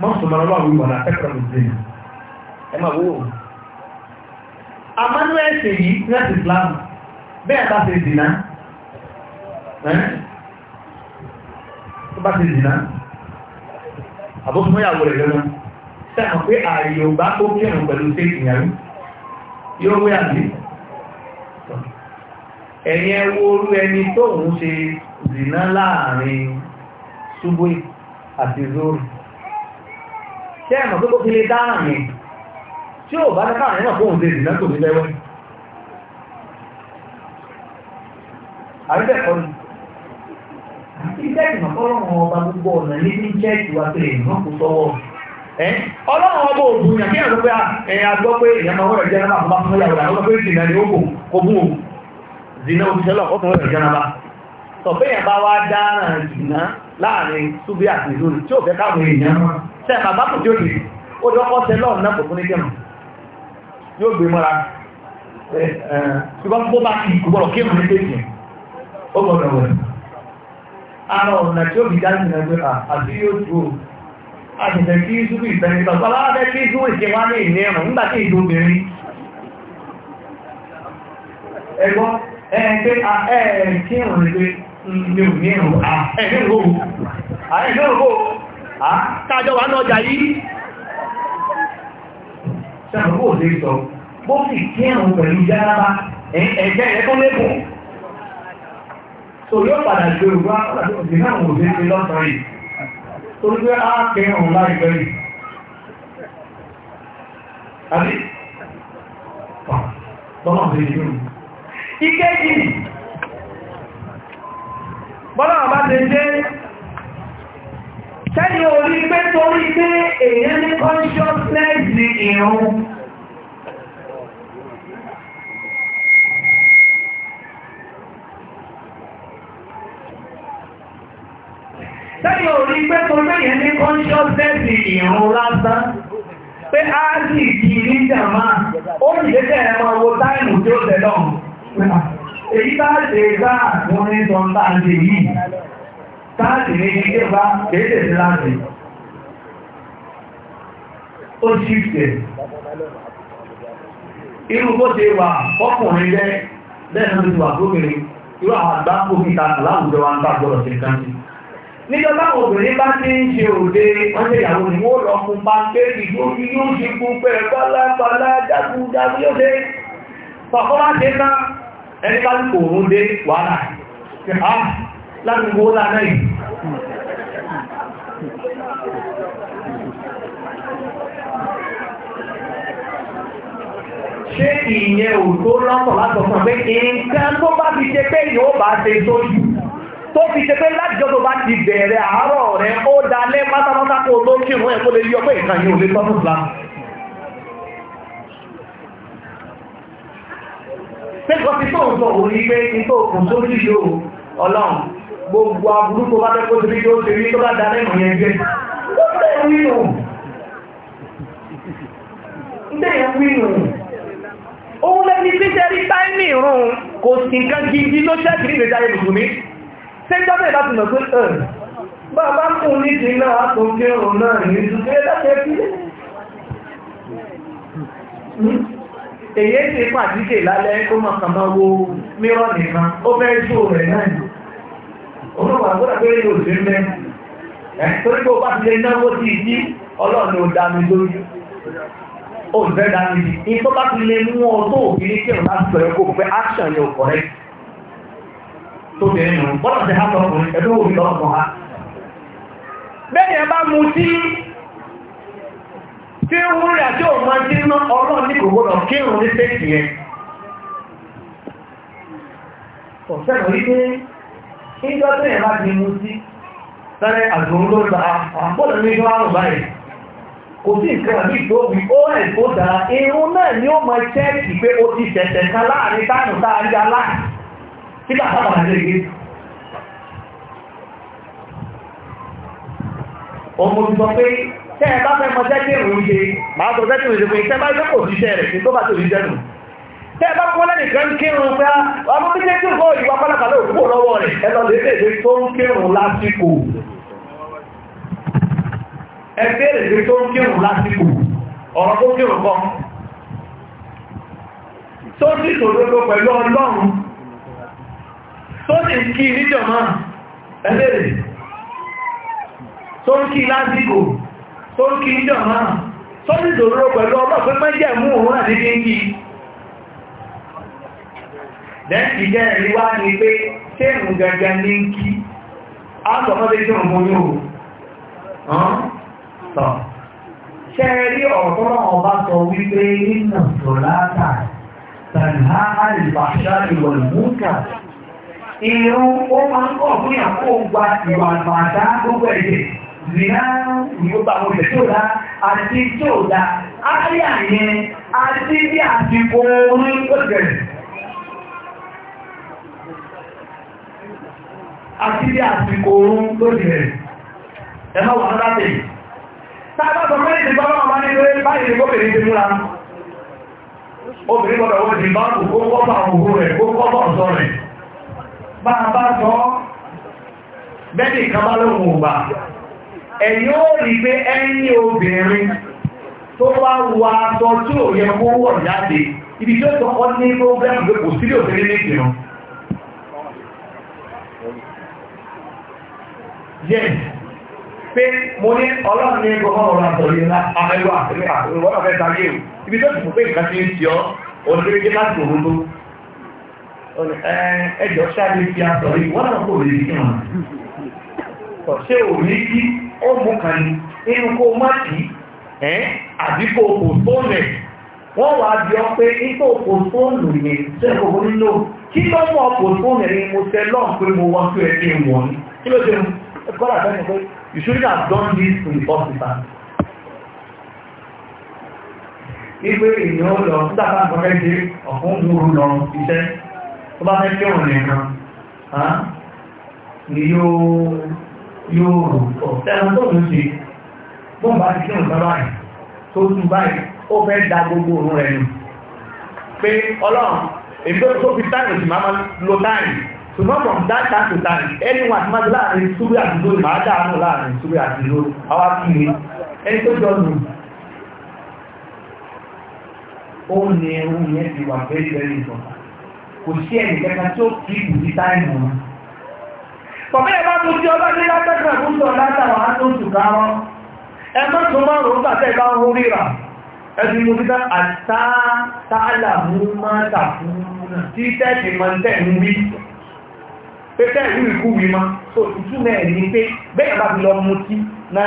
mọ́sùlùmọ́ ọlọ́run wọ̀nà akẹ́kọ̀ọ́ ìdíyìn ẹ máa wó àmánú ẹ̀ṣẹ̀ yìí láti Islam bẹ́ẹ̀ bá ṣe dìná tó bá ṣe dìná àbókùnmọ́yàwó rẹ̀ lọ́nà sẹ́kàn pé ààrẹ yorùbá ó kírun pẹ̀lú sí ìyàwó yóò wé àbí ẹ̀yìn ẹwọ orú ẹni tó ń ṣe dìná láàrin ṣúgbé àti zoro tẹ́ẹ̀mọ̀ tó kó fi lè dára mi tí ó bá dákàrà nínà fóhùn dé ìdìnà tó ní lẹ́wẹ́ àríbẹ̀kọ́ ni ìjẹ́kì mọ̀kọ́lọ́run ọba gbogbo ọ̀nà ní ní jẹ́kì wa pé èèyàn kò sọ́wọ́ ọlọ́run ọba ògùn yàn kí ẹ̀rọ pé ẹ̀yà gbọ́ pé èèyàn máa wọ́rọ̀ jẹ́nàbà fún bá fún ìyàwó rẹ̀ pé ìsìnà ni ó kò kò bú òun zina òṣìṣẹ́lọ̀ ọkùnrin wọ́rọ̀ jẹ́nàbà sọ pé èèyàn bá wá dára jìnnà láàrin súbí àti ìlú tí ò fẹ́ tẹ́ bàbá kò jó ó dọ́kọ́ tẹ lọ́ọ̀ náà kò fún ní kẹ́mù yóò gbé mọ́ra ṣùgbọ́n bó kì í kò gbọ́dọ̀ kí èmi ó gbọ́dọ̀ wẹ̀ ara ọ̀nà tí ó fi dá ìrìn ẹgbẹ́ àti yóò tó àtẹ̀tẹ̀ kí ìṣúkú ìfẹ́nìkan tó aláwọ̀fẹ́ kí káàjọ wà náà jàyí ṣàkókò lè sọ bó sì kí àwọn pẹ̀lú yára ẹ̀jẹ̀ ẹ̀kọ́ lẹ́kùn torí ó padà gbé ògbá ọ̀dàdé náà wò dé pé lọ́sàn yìí torí pé á pé ọ̀hún láì bẹ́rì àbí bọ́lá ọ̀dẹ́ ìlú ìkéjì bọ́lá ọ̀bá sẹ́yìn orí pé torí pé èèyàn ní consciousness ìrún sẹ́yìn orí pé torí pé èèyàn ní consciousness ìrún lásán pé á sì kì í jàmá ó nìdẹ́kẹ́ ẹ̀mọ owó táìmù tí ó tẹ̀lọ́ èyí bá ṣe gbá àwọn ẹ̀sọ̀ ń tàbí yìí táàdì ní ilé bá kéèdè láti ó sì tẹ̀ irú bó ṣe wà ọkùnrin jẹ́ lẹ́nà tó ti wà gómìnrin irú àwọn àgbà òfin ìtàkùn láwùjọ wa ń bá gbọ́dọ̀ ṣe kan sí níjọ táwọn obìnrin bá ti ń ṣe òde wọ́n ṣe ìyàwó ni wọ́n lọ fún pàǹkéèkì tó fi yóò ṣe fún pẹ̀lú pálápàlá jágúdágú yóò dé pàkọ́ wá ṣe ná ẹni bá ń kò òun dé wàhálà ah! láti gbogbo lánàá yìí ṣé ìyẹn ò tó lọ́pọ̀ látọ̀kan pé nǹkan tó bá fi ṣe pé yóò bá ṣe sójú tó fi ṣe pé lájọ́ tó bá ti bẹ̀rẹ̀ àárọ̀ rẹ̀ ó dalẹ́ pátápátá kó ló kírun ẹ̀ kó lè yọ pé ìkan yìí ò lè tọ́nù fúlá. pé kọ́sí tó ń sọ òun gbogbo aburú tó bá fẹ́ kó tìrí tó tìrí tó bá dáná ìmọ̀ yẹn jẹ́ ó fẹ́ wínú ndé wínú òun lẹ́ni títẹ́ rí táìmì ìrùn kò sí nǹkan gidi ló ṣẹ́kì ní ìrẹ́jáyé mùsùlùmí tí ń gbọ́dọ̀ ìbá ti nà pé ẹ̀ bàbá kùn ní ti náà tó ń náà ní ìtùkẹ́ láti ẹ̀kí èyí ti pàdídè lálẹ́ ó mọ̀ wo mírọ̀ nìkan ó fẹ́ jù rẹ̀ náà olóòwò àgbọ́dà pé yóò sí mẹ́ ẹ̀ torí pé o bá ti lè náwó sí ìdí ọlọ́run ò dá mi lójú ó fẹ́ dá mi jì ní tó bá ti lè mú ọ tó òfin ní kírun láti sọ̀rọ̀ kó pé action ni ò kọ̀rẹ́ tó tí tí ń rúrẹ̀ ní gbogbo kírun ní sẹ́ẹ̀kì yẹn ọ̀sẹ̀ lórí ìjọ tí ẹ̀ bá ti mú sí sẹ́rẹ́ àjòun ló gba àpọ̀lọ̀ ní ìjọ àrùn báyìí kò sí nǹkan àbí ìtòbi ó ẹ̀ tó dá irun náà ni ó mọ ṣẹ́ẹ̀kì pé ó ti ṣẹ̀ṣẹ̀ kan láàrin táàmù táàrí alá kí bàbá bàbá lè gbé ọmọ ìsọ bá fẹ́ rẹ̀ sí tó tẹ́ bá kún lẹ́nì kan kírun pé ọmọ méjì tí kọ́ ìwà pálákàlẹ̀ òkú lọ́wọ́ rẹ̀ ẹ̀lọ lèèrè tó ń kírun lásìkò ẹgbẹ́rẹ̀ tó ń kírun lásìkò ọ̀rọ̀ tó kírun kọ́ tó ní ìṣòdodo pẹ̀lú ọlọ́run tó ní kí níjọmọ́ ẹgbẹ́rẹ̀ tó ń kí lásìkò tó ń kí níjọmọ́ tó ní ìṣòdodo pẹ̀lú ọlọ́run pẹ́ dẹ́ẹ̀kì jẹ́ ìwá ní pé tẹ́ẹ̀mù gẹ̀gẹ̀ ní kí átọ̀mọ́dé tí ó mú ní o ṣẹ́rí ọ̀pọ̀lọ́ ọba sọ wípé nínà sọ̀láta tàbí àìbàṣáre wọ̀lúkà irun ó máa ń kọ̀ fún ìyàkó gba ìwà àgbàdá gbogbo ẹ̀jẹ̀ zìnà ìyópa olè tó dá àti tó dá áyà yẹn àti bí àsìkò orin ó àti bí àsìkò oorun lónìí rẹ̀ ẹ̀mọ́ wà náà tẹ̀ tàbátọ̀ mẹ́rin ti bọ́lá wà ní pé báyìí ni gómìnà ti múra obìnrin gbọ́dọ̀ wọ́n ti bá kò kọ́bà òhun rẹ̀ kó kọ́bà ọ̀sọ́ rẹ̀ bá a bá sọ bẹ́ẹ̀ni kàbá lóhun ògbà ẹ̀yìn ó rí pé ẹni obìnrin tó bá wà sọ tí ò yẹ kó wọ̀ jáde ibi tí ó sọ ọ́ ní ó bẹ́ẹ̀ yes pé mo ní ọlọ́run ní ẹgbẹ́ ọmọ ọ̀rọ̀ àtọ̀lẹ́ ńlá àmẹ́lú àtẹ̀lẹ́ àtẹ̀lẹ́ ọ̀fẹ́ tàgé o ibi tó ti fò pé nǹkan ti ń ti ọ́ òṣèré láti òwúrò ẹjọ́ ṣáàlì fi àtọ̀lẹ́ wọ́n náà kò lè kí wọn ṣé ò ní kí ó mú kan ní inú kó má kí àbí kó kò tó lẹ̀ wọ́n wá bí ọ pé nígbà òpó fóònù yẹn sẹ́kọ̀ kí lọ́mọ òpó fóònù mo tẹ́ lọ́ọ̀ pé mo wá tó ẹ̀ kí ní kí ló dé God has done it. But you shouldn't have done this to the hospital. Ipe ènìyàn lọ nígbà tá nǹkan fẹ́ ṣe ọ̀fún òru lọ iṣẹ́ tó bá fẹ́ kí òun nìkan ni yóò yóò rò tọ̀. Ẹran tó ń ṣe bóun bá ti kí òun sábà yìí tó tún báyìí ó fẹ́ da gbogbo òun rẹ̀ nù. Pé Ọlọ́run èmi tó fi táìmù sì máa lo táìmù ṣùgbọ́n from that time to time anyone ti máa ti láàrin súrí àti lórí máa dáàmú láàrin súrí àti lórí àwa kí ni ẹni tó jọ nù ó ní ẹrú yẹn ti wà very very important kò sí ẹnì kẹta tí ó kí ìlú ní táìmù wọn. Bàbá ẹ̀ bá tún tí ọlá ní látẹ́kọ̀ọ́ tó sọ látàwọn àtúntò kárọ́. Ẹ má tún máa rò ó gbàtẹ́ ìbá ń ríra ẹni mo títà àtàtàlà mú máa tà fún títẹ́ ìmọ̀ tẹ̀ ń bí pẹ́tẹ́ ìlú ìkú wí ma so ìtumẹ̀ ní pé bẹ́ẹ̀ bá fi lọ mú tí ná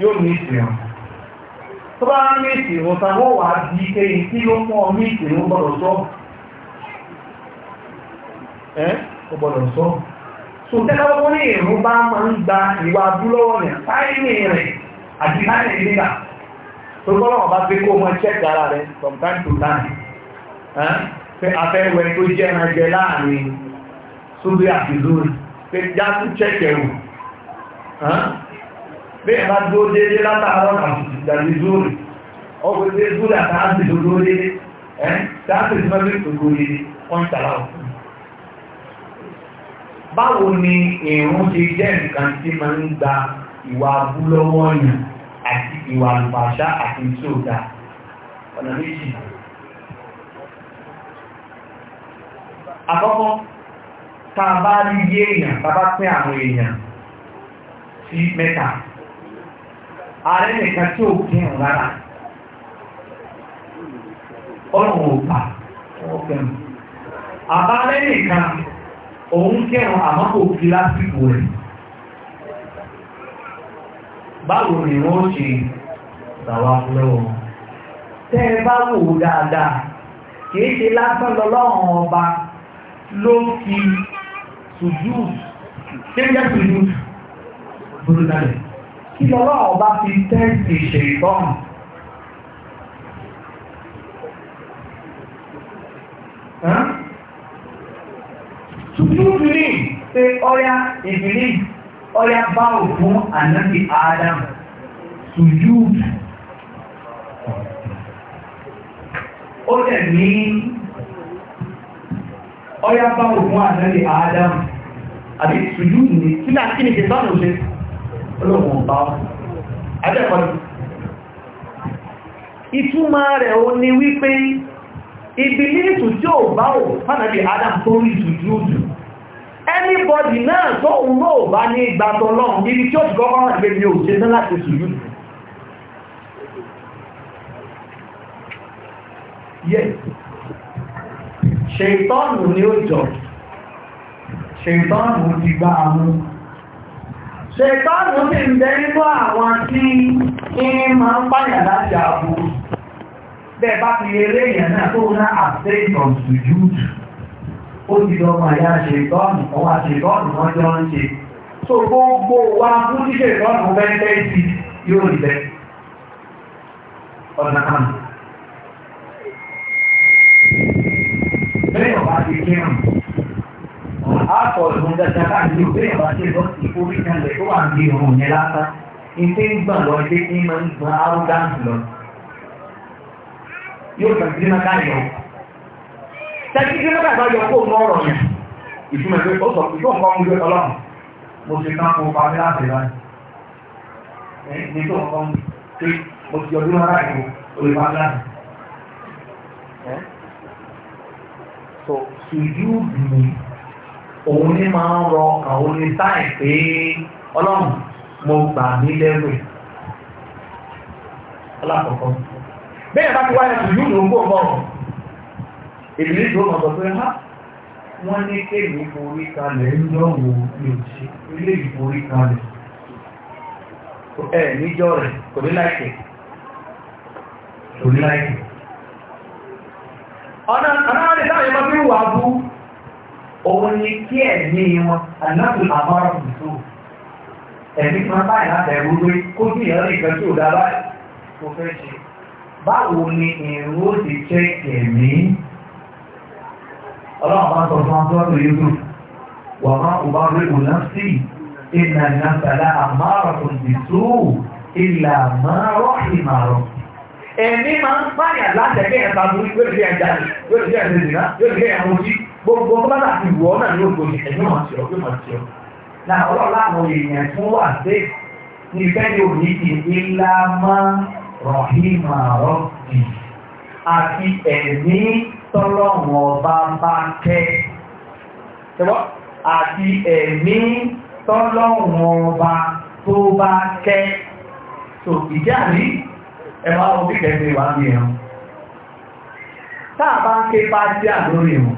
yóò ní ìsìnkú tó bá ní ìsìnkú táwọn wà á di ike tí ló mọ́ ní ìsìnkú gbọ́dọ̀ sọ ẹ́ ó gbọ́dọ̀ sọ so tẹ́lẹ̀ wọ́n ní ìrún bá máa ń gba ìwà abúlọ́wọ́ rẹ̀ fáìlì rẹ̀ àti láì nígbà tó gbọ́dọ̀ wọn bá fi kó wọn check ara rẹ̀ from sórí àti lórí pé já sí chẹ́kẹ̀rù bí ẹ̀ bá dúró déédé látàárọ̀ àti ìdàgbé lórí ọkọ̀ ìdè lórí àtàásì lórí ẹ̀ tàásì tí wọ́n fi gbogbo yìí wọ́n ń tàrà òkú. báwo ni ìrún ṣe jẹ́ nǹkan tí máa ń gba ìwà abú lọ́wọ́ yàn àti ìwà àlùfàṣà àti ìṣòdà ọ̀nà méjì. àkọ́kọ́ tá a bá rí iye èèyàn tá a bá pín àwọn ààrẹ nìkan tí ò kírun rárá ọ̀rùn ò nìkan kẹrùn báwo ni wọ́n ṣe ṣe lásán sùjú kéjẹ́ sùjú burú dalẹ̀ kí lọ́wọ́ ọba fi tẹ́ẹ̀sì ṣe ìtọ́n sùjú ní pé ọya ìbílí ọya bá òfin ànábì Adam sùjú ó dẹ̀ ní ọya bá òfin ànábì Adam àbí sùjú ní kí náà kí ni kì sánù ṣe olóògùn bá wọn ẹgbẹ́kọ́ ni ìtumọ̀ rẹ̀ o ni wípé ibi ní ìtùjú ò bá ò fánàbí Adam tó rí ìtùjú òjò anybody náà tó ń rò bá ní ìgbàtọ̀ lọ́n ibi tí ó ti gọ́gọ́ rẹ̀ pé mi ò ṣe tán láti yes ṣe ìtọ́nù ni ó jọ ṣètọ́nù ti gbá àmú ṣètọ́nù ti ń bẹ nínú àwọn tí ní máa ń pàyà láti àbú bẹ́ẹ̀ bá fi eré èèyàn náà tó ná àtẹ́yìn ọ̀sùjú ó ti lọ mọ̀ àyà ṣètọ́nù ọwà ṣètọ́nù wọ́n jọ ń ṣe tó gbogbo wa fún ní ṣètọ́nù bẹ́ẹ̀ sí yóò rí bẹ́ẹ̀ ọ̀nà kan bẹ́ẹ̀ ọ̀bá ti kírun àpọ̀ ìgbọ̀n dandan káàkiri pé ìbá tí ìbọn ti forí kalẹ̀ tó wà ní ìrùn yẹn lásán ìpé ń gbọ̀n lọ dé ní máa ń gbọ̀n arúgáǹtì lọ. yóò kàn sí náà káyọ̀. tẹ́tí tí náà káyọ̀ yọ kó ń lọ́rọ̀ yẹn ìtumọ̀ pé ó sọ pé tó ń kọ́ ń mo ti ká fún pa ní láti láì. ní tó ń kọ́ ń pé mo ti yọjú náà láì kó orí pa So, should you be òun ní máa ń rọ àwọn oníṣáì pé ọlọ́run mo gbà mí lẹ́rù ọlákọ̀ọ́kọ́ bẹ́ẹ̀ bá ti wáyé tùjú ló ń bò bọ̀rọ̀ èmi ha wọ́n ní kéèmí forí kalẹ̀ ń lọ́wọ́ ilé ìforí kalẹ̀ ẹ̀ níjọ́ rẹ̀ kò ní láìpẹ́ kò ní láìpẹ́ òun ni kí ẹ̀mí wọn ànáàtò àmọ́ra kù tó ẹ̀mí kan báyìí láti ẹ̀rú pé kó sì yọ nìkan tí ò dá báyìí kò fẹ́ ṣe báwo ni ìrú ó ti jẹ́ ẹ̀mí ọlọ́run bá sọ fún akọ́tò yóò wà má kò bá rí òun náà sí ìlà ìnáfẹ̀lá àmọ́ra kù tó ìlà ẹ̀mí máa ń pààyàn láti ẹ̀kẹ́ ẹ̀ta burú yóò fi ẹ̀jà yóò fi ẹ̀jẹ̀ dìrá yóò fi gbogbo ọba náà ti wọ náà ní ògbóni ẹni wọn ti ọ bí wọn ti ọ na ọlọ́ọ̀lá àwọn èèyàn tí wọ́n wà sí ní fẹ́ẹ́ òní ti ńlá máa rọ̀hìmà rọ̀bì àti ẹ̀mí tọ́lọ́wọ̀n ọba bá kẹ́ àti ẹ̀mí tọ́lọ́wọ̀n ọba tó bá kẹ́ tó ìjà rí ẹ̀wà orí kẹ́kẹ́ wà ní ẹ̀rọ táà bá ń ké bá jẹ́ àlórí wọn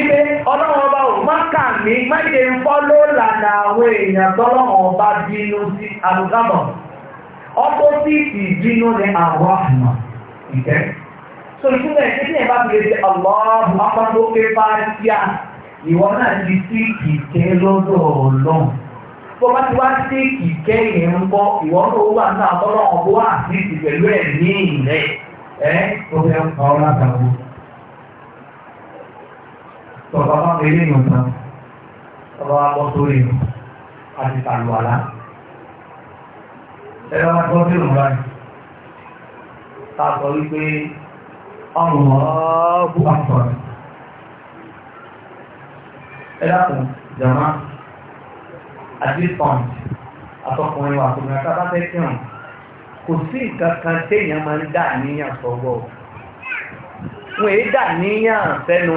Ibẹ̀ ọlọ́run ọba ò má kà mí má ṣe ń fọ́ ló lànà àwọn èèyàn tọ́lọ́run ọba bínú sí àlùkábọ̀. Ọ́pọ́sìtì bínú ni àwọn àmà ìtẹ́. So ìtumọ̀ ẹ̀ ṣẹ́ṣẹ́ ìbá fi lè ṣe ọlọ́run apákó pé bá yá ìwọ náà ti sí ìkẹ́ lọ́dọ̀ ọlọ́run. Bó bá ti wá sí ìkẹ́ yẹn ń bọ́ ìwọ náà wà náà tọ́lọ́run ọba wà sí ìpẹ̀lú ẹ̀ ní ìlẹ̀ ẹ̀ tó fẹ́ ọ̀rọ̀ tọ̀bá bá pẹ̀lú èèyàn tán ọba wa bọ́ sórí ìlú àti tàlù àlá ẹ̀rọ wa gbọ́ sí òmùra yìí ta sọ wípé ọrùn ọ̀ọ́bù àtọ̀rọ̀ ẹ̀rọ kù jàmá àti pọ́ǹt àtọkùnrin wa àtọkùnrin kò sí nǹkan kan máa ń dà níyàn sọ́wọ́ wọn èé dà níyàn fẹ́nu.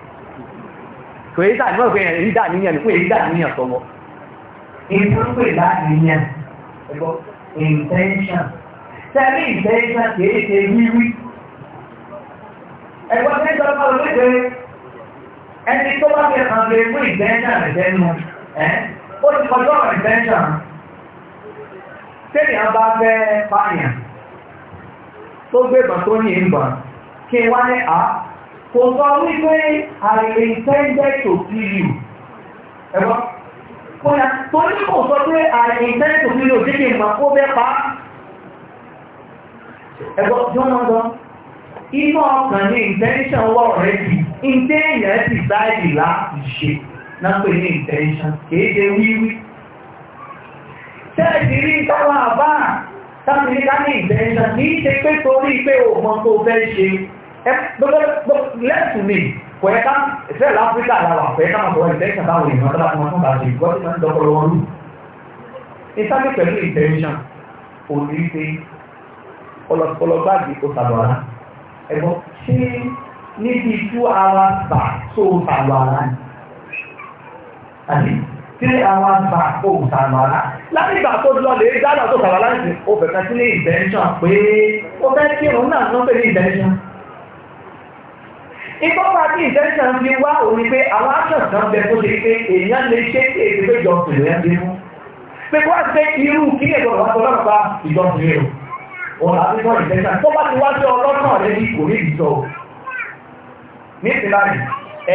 kò èyí dàníyàn pé èyí dàníyàn pé èyí dàníyàn sọmọ. ìlú pè láàníyàn ẹ̀gbọ́ intention sẹ́rí intention kìí ṣe wíwí ẹ̀gbọ́n tí ń sọ fún olóògbé ẹni tó bá fi hàn lè mú intention rẹ̀ jẹ́nu ẹ́ ó ti kọjọ́ intention tẹ́lẹ̀ bá fẹ́ pààyàn tó gbé bàtó ní ìgbà kí wá ní àá kò sọ wípé I intended to kill you ẹ̀rọ kóyà torí kò sọ pé I intended to kill you dídì mà kó bẹ́ pa ẹ̀rọ jọ́nàdọ́ inú ọkàn ní intention wọ́ rẹ̀ bì intention ti báyìí láti ṣe náà pé ní intention kìí ṣe wíwí tẹ́ẹ̀sì rí táwọn àbá táwọn ìdíkà ní intention kìí ṣe pé torí pé òmọ tó fẹ́ ṣe lẹ́tù mi kò yẹ ká ìfẹ́ láfíríkà làwà kò yẹ ká máa sọ ìtẹ́sán báwo ni wọ́n tọ́lá fún wọn ṣe ìgbọ́ tí wọ́n ń dọ́kọ́ lọ́wọ́ lù. ìsáàbì pẹ̀lú ìtẹ́sán ò ní ṣe ọlọ́gbàgbé kò sàlọ́lá ẹ̀gbọ́n ṣé níbi two hours back tó sàlọ́lá ni àbí three hours back tó sàlọ́lá látìgbà tó lọ lè dáná tó sàlọ́lá ní ìfẹ́ kẹ́kẹ́ sí ní ìtẹ́sán pé ó fẹ́ kírun náà ló fẹ́ ní ìtẹ́sán ìtọ́pá tí ìtẹ́sán fi wá òní pé àwọn àṣàǹkan bẹ tó ṣe pé èèyàn lè ṣe é ṣe pé jọ̀ǹtì lè ń bínú pé wá ṣe irú kí lè gbọ̀dọ̀ wáṣọ lọ́nà bá ìjọ̀ǹtì rẹ̀ òun àti sọ ìtẹ́sán tó bá ti wá sí ọlọ́nà rẹ̀ ní kò ní ìsọ ní ìsìláàrí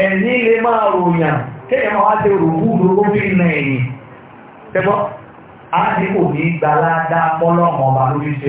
ẹ̀ní lè máa ròyàn kéèyàn máa wá ṣe rògbù lóró bí ilẹ̀ ẹ̀yìn tẹ́gbọ́ á ní kò ní gbalada pọ́lọ́mọba lórí ṣe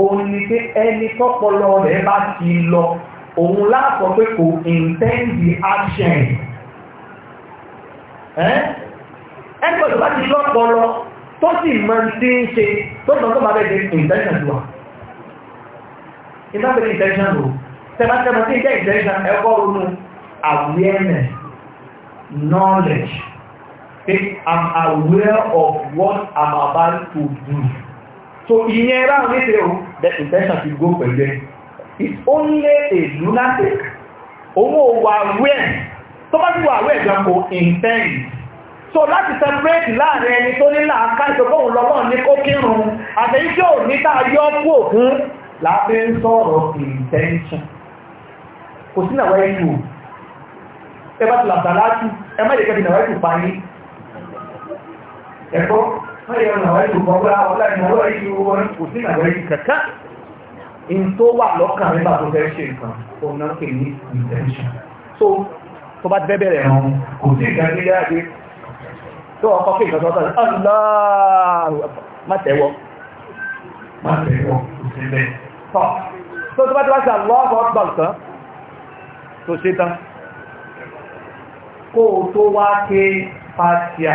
òun ni pé ẹni tọ́pọlọ rẹ̀ bá ti lọ òun láàpọ̀ pé kò intend the action ẹgbẹ́ tó bá ti lọ́pọlọ tó sì mọ tí ń ṣe tó mọ tó bá bẹ̀rẹ̀ intention tó wà iná bẹ̀rẹ̀ intention lò tẹ́mọ́tẹ́mọ́ tí ń jẹ́ intention ẹ̀kọ́ ronú awareness knowledge I'm aware of what I'm about to do so ìyẹn ráhùn ní tẹ́rẹ̀ òun That intention to go for them is only a lunatic owó wà wẹ́ tó bá ti wà wẹ́ for intent. so láti separate láàrin ẹni tó ní láàká ìjọpọ̀hùn lọ́wọ́ ní kó kírun àtẹ́yíjọ́ ní tààyọ́ pò fún láti ń sọ̀rọ̀ intention kò sí nàwẹ́ ìlú ẹbá ti làbàlájú ẹmẹ́lẹ̀kẹ́ in tó wà lọ́kàn rẹ̀ bá tó fẹ́ ṣe nǹkan òun náà pè ní intention so tó bá bẹ́ bẹ̀rẹ̀ ẹ̀rùn kò sí ìgbàgbélé àti tó ọkọ̀ pé ìgbàgbọ́ tọ́lá aláàrù mátẹ̀wọ́ mátẹ̀wọ́ kò sí bẹ́ẹ̀ tọ́ tó tó bá tó bá ṣe àlọ́ọ̀kọ̀ gbọ̀ǹkan tó ṣe tán kó o tó wá ké pàtíà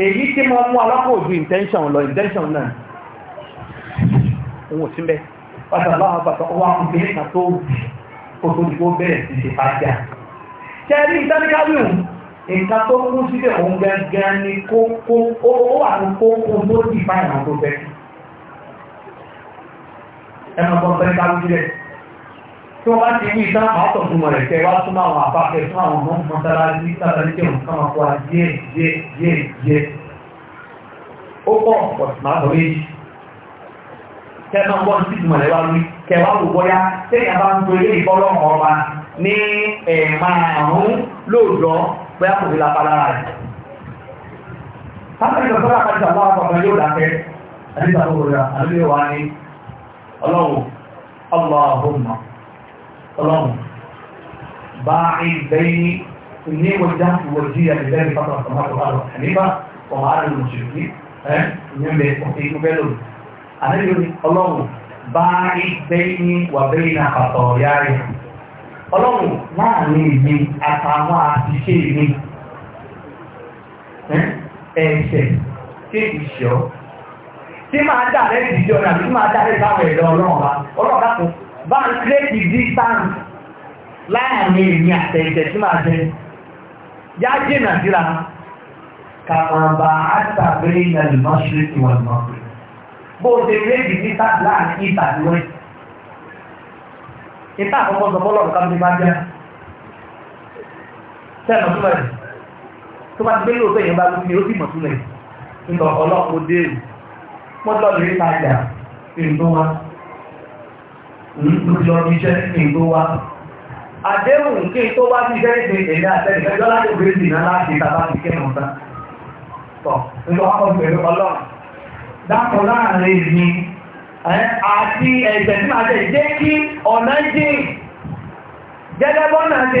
èyí tí mo mú alápò ojú intention lọ intention náà òun ò sí mbẹ́ pàtàkì àwọn pàtàkì ọwọ́ akùnfẹ́ kan tó òtòdìbò bẹ̀rẹ̀ sí ṣe pàṣẹ. kẹrí ìtàníkàwíù nǹkan tó kún síbẹ̀ òun gangan ni kókó ó wà ní kókó tó dì fáìnà tó fẹ́. ẹ máa bọ́ pẹ́ńtà lójú rẹ̀ tó bá ti ní ìtàn àwọn ọ̀tọ̀ fún rẹ̀ tẹ́ wá súnmọ́ àwọn àbáfẹ́ fún àwọn ọmọ mọ́sálásí sátani jẹ́ nǹkan máa wá díẹ̀ díẹ̀ díẹ̀ díẹ̀ ó pọ̀ pọ̀ sí máa lọ́wọ́ èyí tẹ́ máa gbọ́ sí ìtumọ̀ rẹ̀ wá lórí kẹ́ wá wò bọ́yá tẹ́yà bá ń gbé ilé ìbọ́lọ́ ọba ní ẹ̀ẹ̀márùn-ún lóòjọ́ bóyá kò ní lápá lára rẹ̀ sátani lọ́sọ́lá àpàtì àwọn àpapọ̀ yóò dákẹ́ àdébàbọ̀ rẹ̀ àdébẹ̀wá ní ọlọ́run Allahumma ọlọ́run bá ìbẹ́yìn ní ìwọ̀já ìwọ̀jí àdìlẹ́rìn pápá ọ̀tọ̀mọ́tò bá lọ àníbá ọ̀hún àrùn mùsùlùmí ẹ̀ ìyẹn bẹ ọ̀tẹ̀ inú bẹ́ẹ̀ lòdì àníbi ọlọ́run bá ìbẹ́yìn wà bẹ́yìn àpàtọ̀ ọ̀yá rẹ̀ ọlọ́run láàrin èmi àtàwọn àtiṣe mi ẹ̀ṣẹ̀ kéèkì ṣọ́ tí máa dà rẹ̀ ìdíjọ́ náà tí máa dà rẹ̀ báwọn ẹ̀dọ́ ọlọ́run wa ọlọ́run bá ń create distance láàrin èmi àtẹ̀yìntẹ̀ tí máa jẹ yá jìnà síra kàmàbà àtàbírí ilẹ̀ lùmọ́ṣírí ti wà lùmọ́ṣírí bó ṣe create distance láàrin ìta àti west ìta àkọ́kọ́ sọ bọ́lọ̀ nǹkan tó bá jẹ́ sẹ́nu tó bẹ̀rẹ̀ tó bá ti gbé lóòótọ́ èèyàn bá lóòótọ́ ni ó sì mọ̀ túnlẹ̀ nígbà ọlọ́pọ̀ lójú ọdún iṣẹ́ kí wá. Àdéhùn kí tó bá sí iṣẹ́ ìṣẹ́ ìṣẹ́ àtẹ́lẹ̀ ẹjọ́ láti òbí ìrìn náà láti tàbá ti kẹ́rùn tán. Tọ̀, nígbà wá pẹ̀lú ọlọ́run. Dákọ̀ láàrin ìní àti ẹ̀jẹ̀ tí máa jẹ́ jẹ́ kí ọ̀nà jìn. Gẹ́gẹ́ bọ́nà ṣe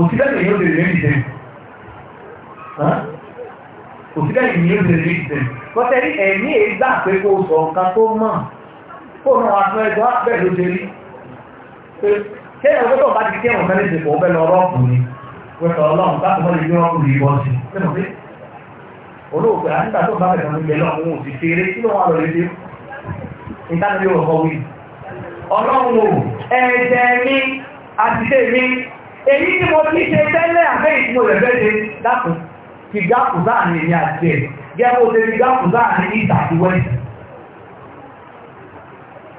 òsílẹ̀ yóò bèèrè ní ìdẹ̀ òsílẹ̀ yóò bèèrè ní ìdẹ̀ kọ́tẹ́ ní ẹ̀mí èégbà pé kó sọ nǹkan tó mọ̀ kó náà wà fún ẹgbẹ́ bẹ́ẹ̀ ló ṣe rí ṣé ẹ̀rọ tó bá ti kí ẹ̀wọ̀n mẹ́rin ṣèpọ̀ ọbẹ̀ lọ rọ́ọ̀pù ni wẹ́tọ̀ ọlọ́run láti mọ́ lè gbé rọ́ọ̀pù yìí bọ́ sí lẹ́nu pé olóògbé àtìgbà tó bá bẹ̀rẹ̀ ní ìgbẹ́ lọ́wọ́ òsì ṣeré kí èyí tí mo ti ṣe tẹ́lẹ̀ àbẹ́yìn tí mo rẹ̀ bẹ́ẹ̀ ṣe dákùn ti gáàpù láàrin èmi àti ẹ̀ gẹ́gbó ṣe ti gáàpù láàrin ìta àti wẹ́ẹ̀sì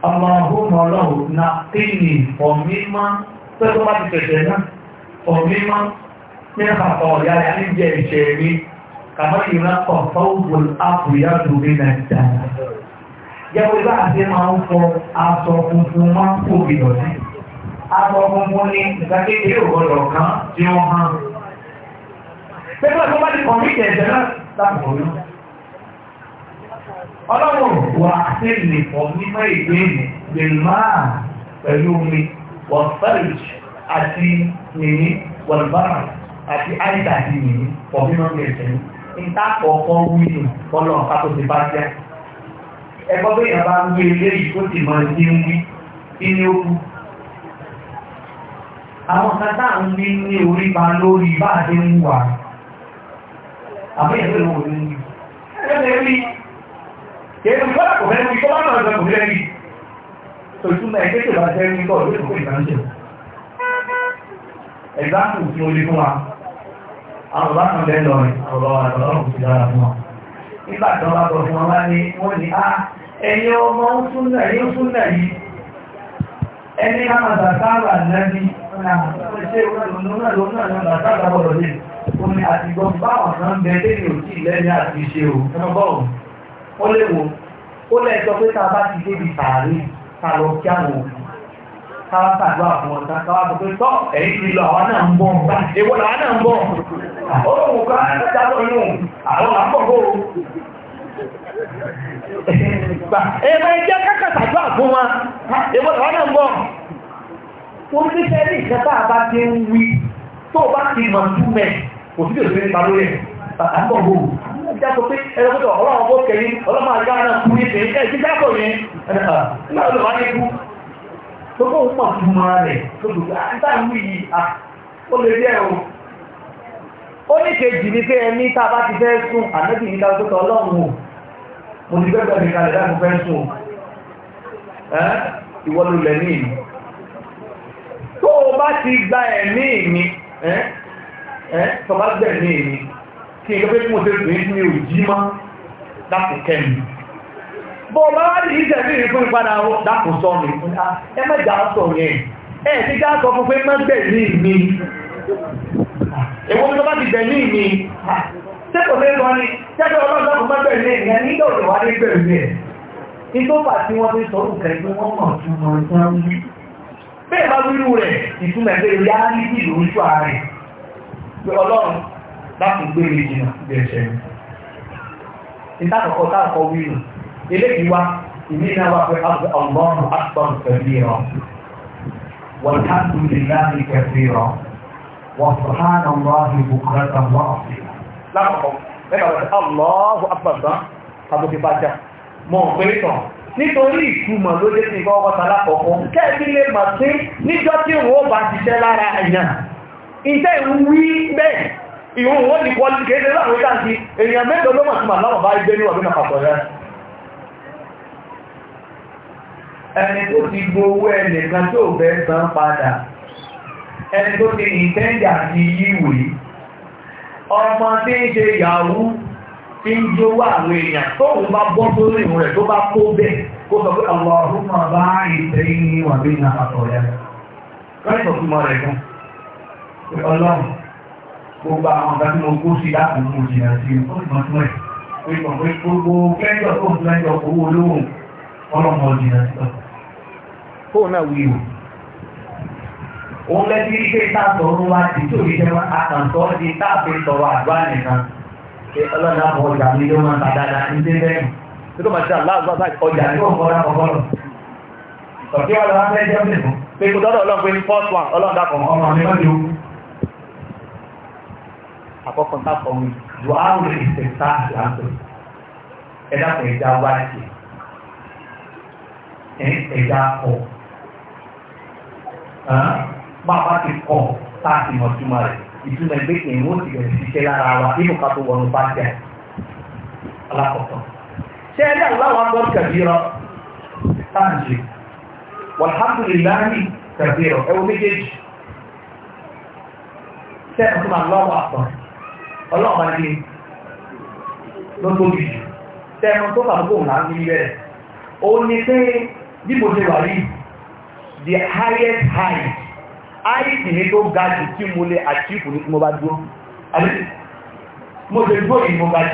ọmọ ọgbọ́n ọlọ́run na kíni ọ̀mímọ́ pẹ́lú bá ti tẹ̀tẹ̀ náà ọ̀mímọ́ nínú àpá ọ̀yá rẹ̀ ní jẹ́ ìṣẹ́ rí kàmọ́ ìran ọ̀fọ́ ògùn àpòyádùn ní nàìjíríà gẹ́gbó bá àti máa ń fọ aṣọ funfun máa ń fò gbìyànjú abọ́ gbogbo ní ìgbàkékeré ògbọ́dọ̀ kan tí wọ́n hàn. pépà tó bá ti kọ̀ níta ẹ̀jẹ̀ náà lápò ní. ọlọ́run wà sí lè pọ̀ nípa ìgbé lè máa pẹ̀lú omi wọ́n fẹ́rẹ̀ àti nìyí wọ́n bára àti àìsà àti nìyí pọ̀ nínú ẹ̀jẹ̀ ní. níta kọ̀ọ̀kan wúlò ti bá jẹ́. ẹgbọ́n bẹ́ẹ̀ yẹn ilé yìí ti mọ ẹni ń wí kí àwọn kátà ń ní ní orí ba lórí bá àdé ń wà àbẹ́yẹ̀ pẹ̀lú òní ní ẹgbẹ́ rí èdè ìfọ́lá kò fẹ́ rí tó bá náà lọ kò fẹ́ rí tòtúmọ̀ ẹgbẹ́ tó bá fẹ́ rí kọ́ ló kò ìdáńṣẹ̀ ẹ̀dáàkù tí ó lé fún wa ah, ẹni ọmọ ń fún yóò fún yìí ẹni àmàdà sáàrà náà Omi àti ìgbọ́n báwọn kan bẹ lé ní òkú ìlẹ́yìn àti ìṣe ò, ẹgbọ́n ó lè wò, ó lẹ́ sọ pé ta bá ti débi tààrí, ta lọ kí àwọn òkú, ta bá tàgbà fún ọ̀tá, ta bá sọ pé tọ́ ẹ̀yìn ti lọ àwọn náà ń bọ̀, èwo làwọn náà ń bọ̀, olóhùn kan jábọ̀ inú, àwọn àpọ̀gbọ̀ Ẹ̀mẹ́ jẹ́ kákàtàgbà fún wa, èwo làwọn náà ń bọ̀ torí pé sẹ́rí ìkẹta àbá ti ń wí tó bá ti mọ̀ túmẹ̀ kò sí òṣèré nípa lórí ẹ̀ bàtà ń bọ̀ gbòòrò ìjà sọ pé ẹ̀rọ pẹ̀lú ọlọ́run bó kẹ́lí ọlọ́run àgbà náà kú ní ìpín ẹ̀ jíjá kò ní ẹ̀nà ọlọ́run á ní kú tó kó ń pọ̀ túmọ̀ rẹ̀ tó gbogbo àtúntà ń wí yìí à ó lè rí ní pé ẹni tá bá ti fẹ́ sùn ànábì ní káwọn tó ọlọ́run mo ti gbẹ́gbẹ́ mi láti fẹ́ sùn ìwọ ló ní ìlú tó o bá ti gba ẹ̀mí mi tó bá gbẹ̀ ní èmi kí n gbé mú sí ìpín ní òjí má dákùn kẹ́mì bọ́ bá wá ní ìjẹ̀bí ìfún ìpadà dákùn sọ mi ẹ mẹ́jà sọ ẹ ti já sọ fún pé má gbẹ̀ ní mi èwo tó bá ti gbẹ̀ ni ní bẹ́ẹ̀ bá wírú rẹ̀ ìtumọ̀ ẹgbẹ́ ìyá ní kí ìlú ojú ààrẹ pé ọlọ́run láti gbé mi jìnnà bí ẹ̀ṣẹ̀ mi ìtàkọ̀kọ̀ táàkọ̀ wírú eléyìí wá ìní náà wà pé ọlọ́run àtúbọ̀n nítorí ìtumọ̀ ló dé sí kọ́kọ́ tàlá kọ̀ọ̀kan kẹ́ẹ̀kí lè mọ̀ sí níjọ́ tí wọ́n bá ṣiṣẹ́ lára èèyàn iṣẹ́ ìwí bẹ́ẹ̀ ìwọ̀n wọ́n ní kọ́lù kéde láwọn ìdáǹtí èèyàn mẹ́jọ ló mọ̀ sí màláwọ̀ bá gbé ní ọdún ọmọ tí ń ṣe yahoo tí ń jówó àwọn èèyàn tóun bá bọ́ sórí ìrùn rẹ̀ tó bá kó bẹ́ẹ̀ kó sọ pé àwọn ọdún máa bá ìtẹ́yìn wà bí i náà àtọ̀rẹ́ kọ́lẹ̀ tó túmọ̀ rẹ̀ gan pé ọlọ́run gbogbo àwọn ọ̀gá tí mo kó sí láàbùn mo jìnà sí i ó àtàntọ́ di sọ̀rọ̀ àdúrà nìkan ọlọ́dà bọ̀ ọjà mi ló máa ta dáadáa ní dé bẹ́ẹ̀ tó tó máa ṣe aláàbọ̀ ọjà ní òun kọ́ra kọ́kọ́rọ̀ ọ̀kí wà lọ́wọ́ fẹ́ jẹ́ mẹ́fún pé kò tọ́dọ̀ ọlọ́run pé ní first one ọlọ́run dàpọ̀ ọmọ mi lọ́dí ó àkọ́kọ́ dàpọ̀ mi ju àwọn ìṣẹ̀ta ìlànà ẹ̀dá kò ẹ̀dá wá sí ẹ̀dá kọ̀ bàbá ti kọ̀ tá a rẹ̀ Itu ẹgbẹ́ kìí wọ́n ti bẹ̀rẹ̀ ṣiṣẹ́ lára wa nínú ká tó wọnú pàṣẹ alákọ̀ọ́kọ́. ṣé ẹgbẹ́ aláwọ̀ akọ́ kàbírọ̀ táǹjì wàlhámdùlìláhì kàbírọ̀ ẹwọ méjèèjì ṣé ẹ̀kọ́ máa lọ́wọ́ àpọ̀ ọlọ́ọ̀bá ní ló tóbi jù ṣé ẹ̀kọ́ tó kà lóko ni pé bí mo the highest high áìdì ní tó ga jù tí mo lè àtíkù ní tí mo bá dúró mo lè dúró yìí mo ga jù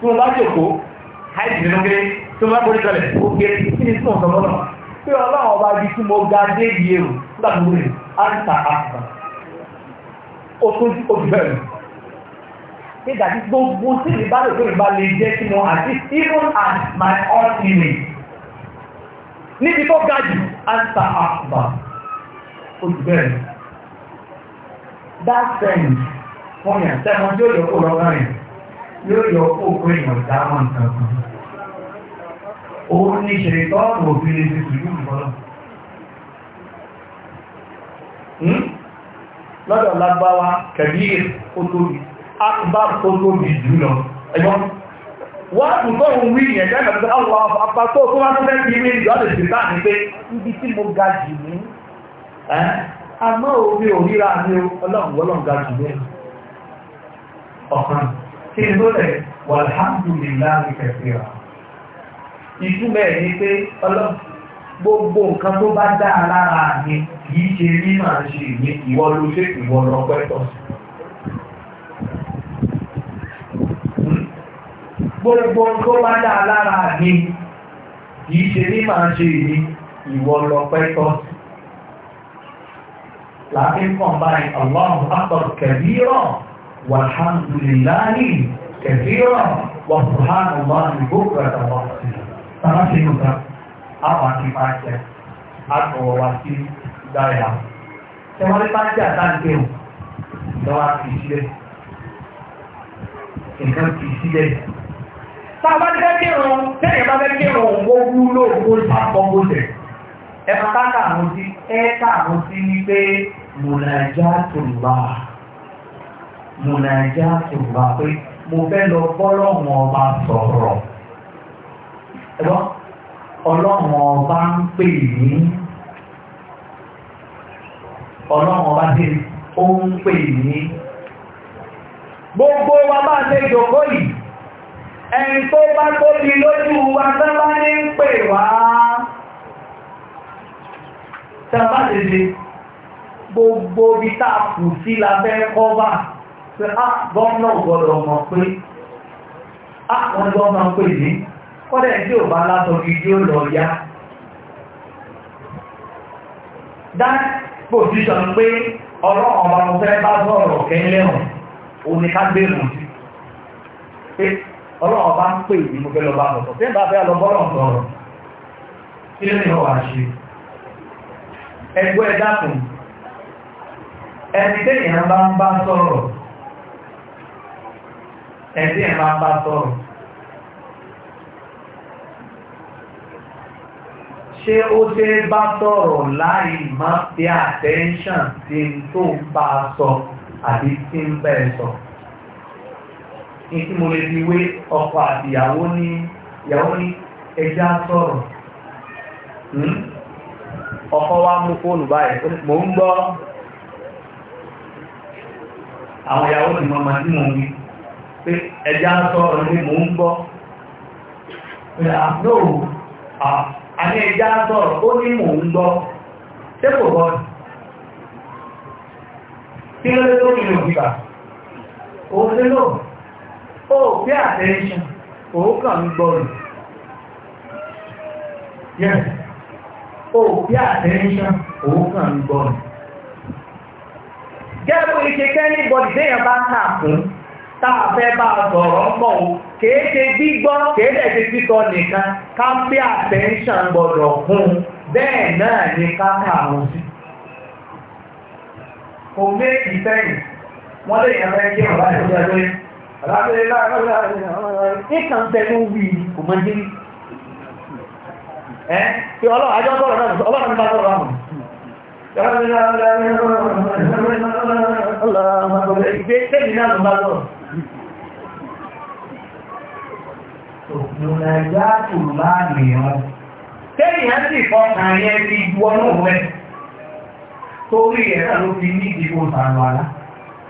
tí mo bá jòkó áìdì nínú kéré tí mo bá borí kalẹ̀ ó kéré kí ni tí mo sọ lọ́nà pé ọlọ́run ọba jù tí mo ga dé yìí èrò nígbà tó rè áńtà áńtà ó tún ojú bẹ́ẹ̀ lọ pé dàbí gbogbo tí mi bá lè tó ìbá lè jẹ́ kí mo àti even at my own image níbi tó ga jù áńtà áńtà ó ti bẹ̀rẹ̀ that sense fún yàn tẹ́wọ́n yóò yọ kó lọ́wọ́ rẹ̀ yóò yọ kó kó èèyàn dáhùn nǹkan kan òun ní ṣe tọ́ọ̀nù òfin lè ti sùúrù nǹkan hmm? lọ́dọ̀ lágbáwá kẹ̀bíyè ó tóbi akbar tó tóbi jù lọ ẹgbọ́n wọ́n tún tó ń wí ìyẹn jẹ́ àgbà tó àwọn apá tó tó wá tó fẹ́ fi mí ìjọ́ lè ṣe bá ní pé àmọ́ omi ò ríra ní ọlọ́ǹgbọ́lọ́ǹga jùlọ ọ̀kan tí n ló lẹ̀ wà alhamdulillahi kathira ìtumẹ̀ ní pé gbogbo nǹkan tó bá dá lára mi kìí ṣe ní màá ṣe ìwé ìwọ ló ṣe ìwọ lọ pẹ́tọ̀ gbogbo tó bá dá lára mi kìí ṣe ní ṣe ìwé ìwọ pẹ́tọ̀ sí láti combine Allahu Akbar kabira walhamdulillahi kabira wa subhanallahi bukratan wa asila tàbá ṣe yóò ká àwọn àti máa jẹ àtọ̀wọ̀ wá sí dáyà tẹwọ́n lé máa jẹ àtàǹdé o lọ́wọ́ fi sílẹ̀ nǹkan fi sílẹ̀ tàbá jẹ́ kírun tẹ́yẹ̀ bá fẹ́ kírun owó wúlò owó ìpapọ̀ gbọ́dẹ̀ ẹ̀ka káàkiri ẹ̀ka àwọn sí wípé munajatullah munajatullah pé mo fẹ́ lọ bọ́lọ́hún ọba sọ̀rọ̀ ẹ̀rọ ọlọ́hún ọba ń pè mí ọlọ́hún ọba ti ó ń pè mí gbogbo wa bá ṣe jòkó yìí ẹni tó bá tó di lójú wa sábà ní ń pè wá tá a bá lè lè gbogbo bí tá a kù sí lábẹ́ kọ́bà pé á ah, gọ́ọ̀nà gbọ́dọ̀ mọ̀ pé á ah, wọ́n gọ́ọ̀nà pè ní kọ́dẹ̀ tí ò bá látọ̀ kí yóò lọ yá that position pé ọ̀rọ̀ ọba mo fẹ́ bá sọ̀rọ̀ kẹ́lẹ́hùn òní ká gbé mọ̀ sí pé ọ̀rọ̀ ọba ń pè ní mo fẹ́ lọ bá sọ̀rọ̀ tí ń bá fẹ́ lọ bọ́rọ̀ sọ̀rọ̀ kí ló ní ọ̀rọ̀ àṣírí ẹgbẹ́ ẹ̀dàkùn ẹni tẹ́yìn bá ń bá sọ̀rọ̀ ẹni tẹ́yìn bá ń bá sọ̀rọ̀ ṣé ó ṣe bá sọ̀rọ̀ láì má fi attention sí tó ń bá a sọ àbí tí ń bẹ́ẹ̀ sọ ní tí mo lè fi wé ọkọ àti ìyàwó ní ìyàwó sọ̀rọ̀ hmm? ọkọ̀ wá mú fóònù báyìí mò ń gbọ́ àwọn ìyàwó ti mọ̀ màá tí mò ń wí pé ẹja ń sọ ọ̀rọ̀ ní mò ń gbọ́ àní ẹja ń sọ ọ̀rọ̀ ó ní mò ń gbọ́ ṣé kò gbọ́ kí ló dé tó kí ló ó lé lò ó pé attention òun kàn ń gbọ́ rẹ̀ yes òbí àtẹ́ríṣán òun kàn ń gbọ́ ni. gẹ́gẹ́ bó ṣe kẹ́ ní bọ́dì déèyàn bá kà fún tá a fẹ́ bá a sọ̀rọ̀ ń o kèé ṣe gbígbọ́ kèé dẹ̀ ṣe títọ́ nìkan ká ń pé àtẹ́ríṣán gbọ́dọ̀ fún un bẹ́ẹ̀ náà ni ká kà wọ́n sí. kò mé ìfẹ́yìn wọ́n lè yàn fẹ́ kí ọ̀rọ̀ bá ṣe jẹ́ pé àlàáfíà ìlànà ìkànnì tẹnu wí ẹ́ pé ọlọ́run àjọ sọ̀rọ̀ náà ọlọ́run nípa sọ̀rọ̀ àmù Tẹ́yìn á sì fọ́kàn yẹn ti wọnú rẹ̀ torí ẹ̀rọ ló fi ní ìdìbò sàrò àlá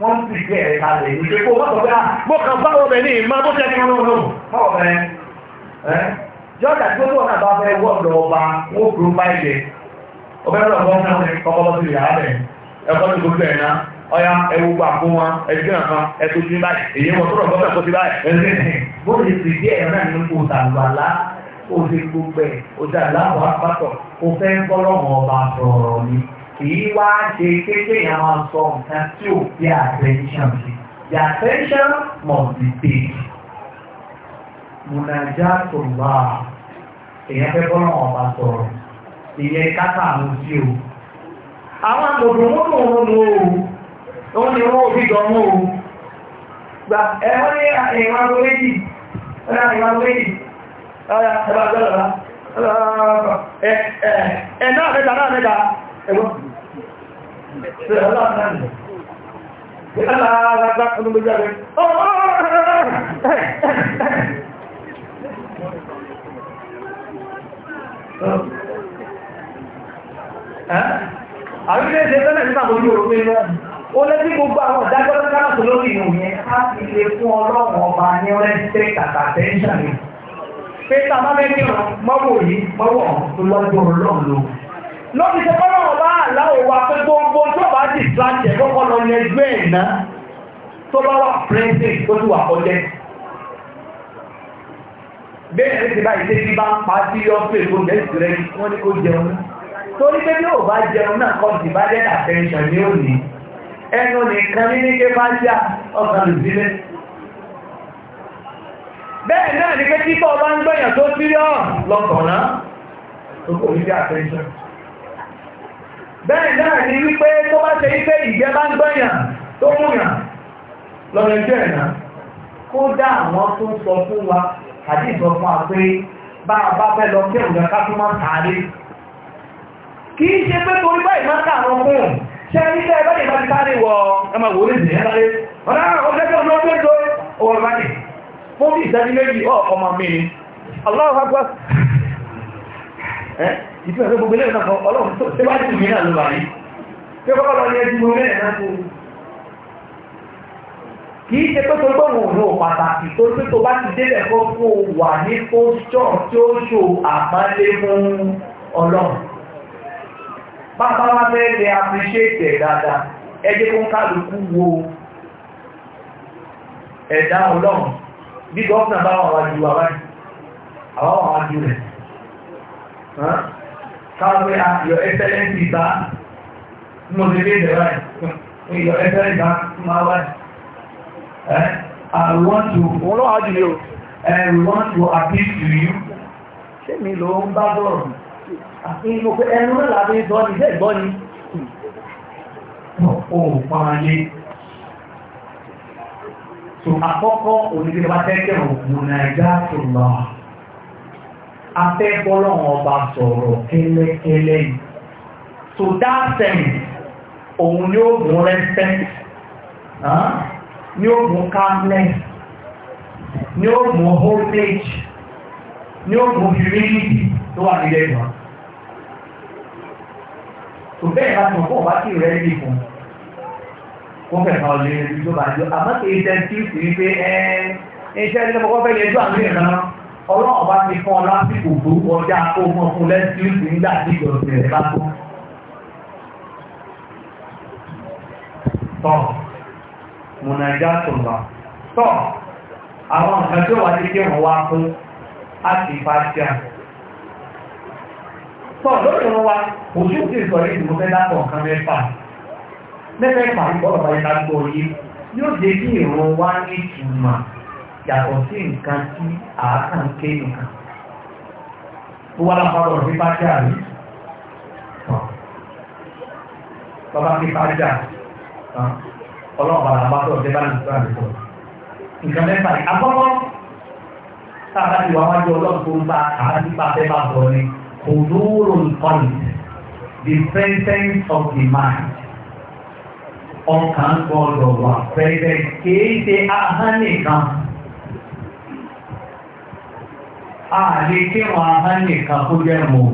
wọ́n ń pèsè ẹ̀rẹ̀ kalẹ̀ ìṣẹ́kọ̀ọ́ ah, mọ́tò bá mọ́kàn báwọ̀ bẹ̀ ní ìmá bó tẹ́ ní ọlọ́run náà báwọ̀ bẹ̀ ẹ́ jọ́dá tí ó lọ́nà bá fẹ́ wọ́ọ̀dọ̀ ọba wọ́n kúrú máìlẹ̀ ọbẹ̀ lọ́dọ̀ bọ́ náà ní kọ́kọ́ lọ sí ìyá rẹ̀ ẹ̀kọ́ ní gbogbo ẹ̀ náà ọya ẹwu gbà fún wọn ẹgbẹ́ nǹkan ẹtù sí báyìí èyí wọn tó rọ̀ gbọ́dọ̀ kó sí báyìí ẹgbẹ́ ẹ̀ bó lè sì díẹ̀ náà ní kò tàlùbàlá ó ti gbogbo ẹ̀ ó ti àláwọ̀ apátọ̀ ó fẹ́ gbọ́lọ́mọ ọba sọ̀rọ̀ ni kì attention the attention must mùnàjá tó bá èèyàn fẹ́ bọ́lá ọba sọ̀rọ̀ ìyẹn kátà àwọn sí o àwọn àgbòdòmọ́dò wọn lò ó òun ni wọ́n òbí dánwó o gba ẹ̀wọ́n ní ìwà méjì ẹ̀rọ ìwà méjì ọ̀yà ẹ̀bá gbọ́dọ̀ ẹ̀ náà mẹ́ta náà mẹ́ta ẹ̀wọ́n ṣe ọlọ́run náà nìyẹn Ìlàlá àgbà ọdún méjì àgbẹ̀. àrílẹ̀ èdè tẹ́lẹ̀ nígbà tó ní òrùn pé ó lẹ́tí gbogbo àwọn ìdájọ́ káàkiri lórí ìrùn yẹn á ti lè fún ọlọ́run ọba ní rẹ́sítẹ́ kàtà tẹ́ńṣà ni pé tá a bá mẹ́kí ràn mọ́wọ́ yìí mọ́wọ́ tó lọ́jọ́ ọlọ́run lò lọ́bi ṣe kọ́ lọ́wọ́ bá àláwọ̀ wa pé gbogbo bẹ́ẹ̀ ní ti báyìí tẹ́bí bá ń pa sí ọ́pẹ́ ìbò lẹ́sìn rẹ̀ wọ́n ní kó jẹun torí pé bí ò bá jẹun náà kọ́ ti bá jẹ́ àtẹ́ńṣọ̀ ní òní ẹnu nìkan ní nígbé bá jà ọkàn lù sílẹ̀ bẹ́ẹ̀ náà ni pé títọ́ bá ń gbẹ̀yàn tó sílẹ̀ lọ́kọ̀ọ̀nà tó kò ní jẹ́ àtẹ́ńṣọ̀ bẹ́ẹ̀ náà ni wípé tó bá ṣe wípé ìjẹ́ bá ń gbẹ̀yàn tó múyàn lọ́rẹ̀ jẹ́ ẹ̀nà kódà àwọn tó sọ fún wa àti ìsọ fún àpé bá a bá fẹ́ lọ kí òun ká tún máa tààrí kì í ṣe pé torí báyìí máa tààrọ fún ṣe ní ṣe ẹgbẹ́ ìbá ti sáré wọ ẹmọ ìwò orílẹ̀ èdè sáré ọ̀nà ọ̀gẹ́gẹ́ ọ̀nà ọdún tó owó ọ̀rọ̀ báyìí fún bí ìṣẹ́jú méjì ọmọ mi ni ọlọ́run agbá ìfẹ́ gbogbo ilé ìrìnàkọ́ ọlọ́run tó ṣe wájú mi náà ló wà ní kì í ṣe pé tó gbọ́n òun ò pàtàkì tó tó tó bá ti délẹ̀ kó fún un wà ní pósítọ̀ tí ó ṣò àpálẹ́ fún ọlọ́run bàbá wa fẹ́ lè appreciate ẹ̀ dáadáa ẹ jẹ́ kó ń kálukú wo ẹ̀dá ọlọ́run bí gọ́ọ̀nà bá wà wájú wa báyìí àwọn wà wájú rẹ̀ káwé ah, your excellence bá mo lè lé ìdẹ̀rẹ̀ bá máa wájú. Eh? I want to wọ́n lọ́wọ́ eh, I want to appeal to you ṣé mi ló ń bá bọ̀rọ̀ inú pé ẹnu náà láti sọ ní ṣe ìgbọ́ ni ó pààyè so àkọ́kọ́ onígbé bá tẹ́kẹ̀ òkú nàìjíríà tó lọ afẹ́bọ́lọ́ ọba sọ̀rọ̀ kẹ́lẹ́kẹ́lẹ́ yìí so that sense òun yóò mú respect ni ó mú calmness ni ó mú voltage ni ó mú humility tó wà nílẹ̀ ìwọ̀n tó bẹ́ẹ̀ bá tún o ọba tí rẹ̀ ní fún kó fẹ̀ kan lè rí tó bá jọ àmọ́ kì í tẹ́tí sí i pé ẹ iṣẹ́ ní ọkọ̀ fẹ́ yẹjú àwọn èèyàn náà ọlọ́run ọba ti fún ọ lásìkò tó kọjá kó mọ fún lẹ́sí sí nígbà tí ìjọsìn rẹ̀ bá tó mùnàjátùnbà tọ́ àwọn nǹkan tí ó wà ní kí wọ́n wá fún àti ìfàṣíà tọ́ lórí wọn wá òṣù tí ìsọ̀rí ìdìbò fẹ́ dápọ̀ nǹkan mẹ́fà mẹ́fẹ̀ẹ́fà ìgbọ́dọ̀ bá yẹta gbọ́ yé yóò jẹ́ kí ìrún wá ní ìtumọ̀ yàtọ̀ sí nǹkan tí àákàn ké nìkan tó wá lápapọ̀ sí fàṣíà rí tọ́ bàbá sí fàṣíà tán ọlọ́ọ̀bà là ń bá sọ̀rọ̀ débà nìkan àti ni àkọ́kọ́ tá a bá ti wà wájú ọlọ́run tó ni kò lóòrò nǹkan the presence of the mind ọkàn gbọdọ̀ wà pẹ́ẹ́rẹ́ kìí ṣe ahọ́n nìkan ààrẹ kéwọn ahọ́n nìkan kó jẹ́ mọ́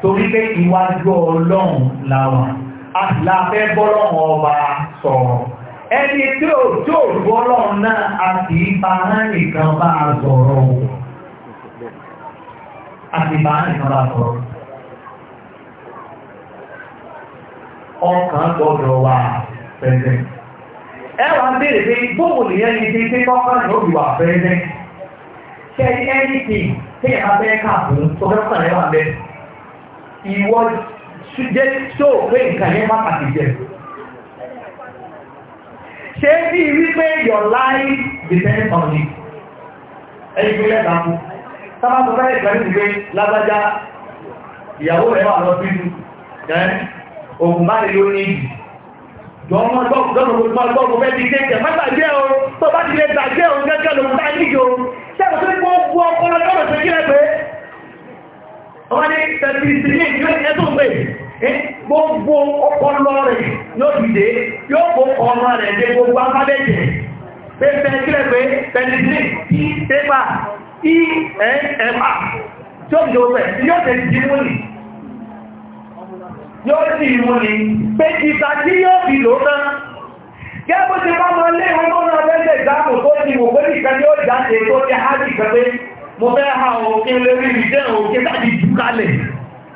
torí pé ìwájú ọlọ́run làwọn láfẹ́ bọ́lọ́wọ́ ọba sọ̀rọ̀ ẹni tí ó tí ó bọ́lọ́ náà a sì bára nìkan bá a sọ̀rọ̀ a sì bára nìkan bá a sọ̀rọ̀ ọkàn gbọ́dọ̀ wà pẹ̀lẹ́ ẹwà ń bèèrè pé bóòmù nìyẹn ni ti pé kọ́kọ́ ní òbí ṣe ẹni tí tí abẹ́ jẹ́ tó pé nǹkan yẹn pàtàkì jẹ ṣe bí wípé your life depends on it ẹni pé lẹ́ta fún sábàbọ̀ fẹ́ ìgbà ní ìgbé lágbájá ìyàwó rẹ̀ wà lọ bínú ogun bá lè lórí ìdí gbọ́gbọ́gbọ́gbọ́ fẹ́ ti kéèkẹ̀ mẹ́ta jẹ́ o tó bá ti lè gbà jẹ́ o gẹ́gẹ́ lòun bá ní jò ṣẹ́bù tó kó bú ọkọ̀ lọ́rọ̀ tó kílẹ̀ pé ọmọdé tẹ̀sí ìsinmi ìgbẹ́ ẹ̀tọ́ pé Eh, gbogbo ọpọlọ rẹ̀ yóò dìde yóò kó ọmọ rẹ̀ dé gbogbo afábẹ́jẹ̀ pé pẹ̀lẹ́kílẹ̀ pé pẹ̀lẹ́kílẹ̀ tí pépà tí ẹ̀ẹ́mà tí ó jọ pẹ̀ tí yóò tẹ̀ sí mú ní yóò sì mú ní pé ìta tí yóò fi lò náà gẹ́gbó ti bá mọ́ lé ọmọ náà lẹ́lẹ̀ ìdáàbò tó ti wò pé nìkan yóò jáde tó ti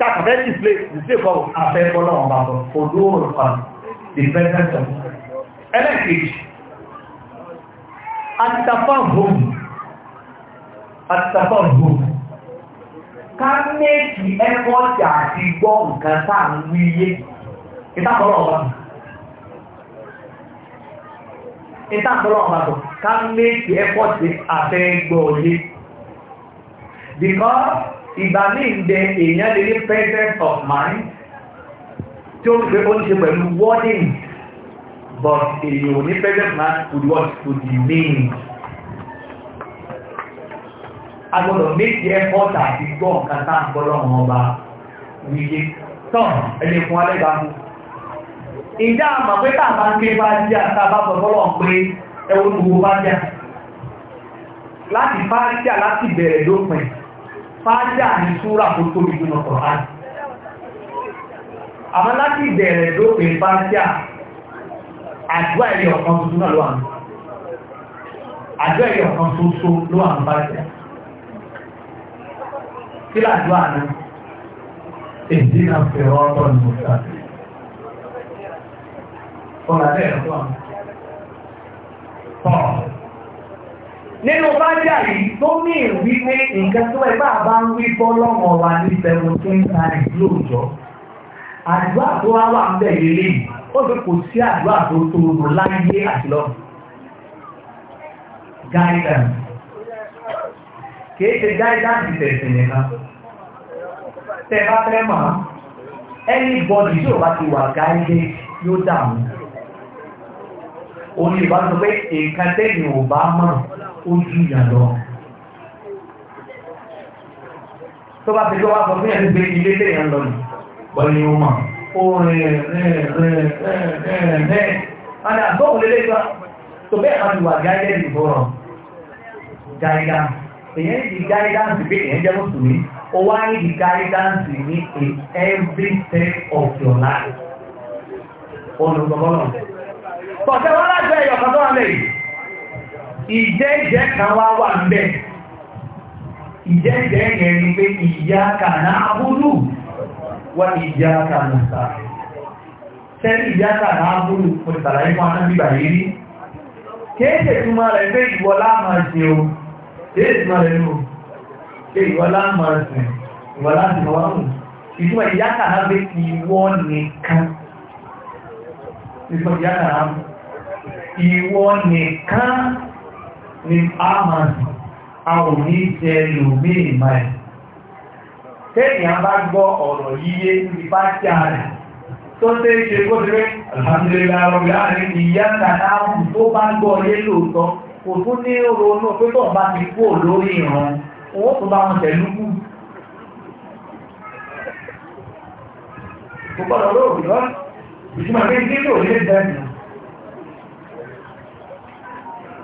tàbí display display for afẹ́kọ́ náà bá bọ̀ for dual and dependent on ẹlẹ́kejì àtàfà home àtàfà home ká méjì ẹkọ́ọ̀tì àti gbọ́ nǹkan táà ń wíyé ìtàkọ́ náà bá bọ̀ ìtàkọ́lọ́ ọ̀pàtọ̀ ká méjì ẹkọ́ọ̀tì àfẹ́ gbọ́ yé because ìgbà míì ń bẹ èèyàn lè ní presence of mind tí ó ń pè ó pẹ̀lú wording but èèyàn ò ní presence man could what could be mean. a gbọ́dọ̀ méjì effort àti gbọ́ nǹkan tá à ń gbọ́ lọ́wọ́ ọba wíyé tán ẹni fún alẹ́ ìbámu. ìjà àmọ̀ pé tá a bá ń ké bá díà tá a bá sọ fọ́lọ́ pé ẹwọ́n gbogbo bá díà láti bá díà láti bẹ̀rẹ̀ lópin fájá ní súrà tó tóbi jùlọ kọ̀ọ̀hán àmọ́ láti ìbẹ̀rẹ̀ lópin fájá àdúrà ẹ̀yọ̀ kan tuntun náà ló àmì àdúrà ẹ̀yọ̀ kan tuntun ló àmì fájá kí làdúrà náà èdè náà fẹ̀rọ ọ̀tọ̀ ní mọ̀tà ọ̀rọ̀ àbẹ̀rẹ̀ tó àmì nínú bájà yìí tó ní ìwí pé nǹkan tó ẹ bá bá ń wí bọ́ lọ́wọ́ wa ní seventeen times lóòjọ́ àdúrà tó wá wà ń bẹ̀ lélẹ̀ yìí ó fi kò sí àdúrà tó tóoru láyé àtìlọ́ guidance kìí ṣe guidance tẹ̀sìn nìkan tẹ bá fẹ́ mọ̀ anybody tí ò bá ti wà guided yóò dààmú òun ni ìbá sọ pé nǹkan tẹ́yìn ò bá mọ̀ ó ju ìyà lọ. tó bá ti gbọ́ wá sọ fún yẹn gbé ilé lẹ́yìn lọ nù pẹ̀lú ọmọ ó rẹ̀ rẹ̀ rẹ̀ rẹ̀ rẹ̀ àti àgbọ̀wò lélẹ́ gbà tó bẹ́ẹ̀ máa ti wà gáyé ìbọ̀rọ̀ gáyé èyàn di guidance pé èyàn jẹ́ mùsùlùmí ó wá ní di guidance ní in every step of your life olùgbọ̀gbọ̀lọ̀. Pọ̀tẹ́ wọn láti ẹ̀yọ̀ kan tó wà lẹ́yìn. ìjẹ́jẹ́ kan wá wà ń bẹ̀ ìjẹ́jẹ́ yẹn ni pé ìyá kàná abúlù wà ìyá kàná sàárẹ̀ tẹ́lì ìyá kàná abúlù mo ti sàlàyé fún yiri? bíbà yìí rí kéèkè túnmọ́ rẹ̀ pé o kéèkè túnmọ́ rẹ̀ nù pé ni a máa sùn a ò ní jẹ lòmí ìmọ̀ ẹ̀ téèyàn bá gbọ́ ọ̀rọ̀ yíyé ní bá tí a rẹ̀ tó tẹ́ ṣe kó tẹ́ alhamdulillah ọ̀rọ̀ láàrin ìyá kàná tó bá gbọ́ yé lóòótọ́ kò tún ní ronú pé tó bá ti kú lórí ìran owó tó bá wọn tẹ̀lú kù kò gbọ́dọ̀ lóòótọ́ ìtumọ̀ pé nílò ilé ìdẹ́nu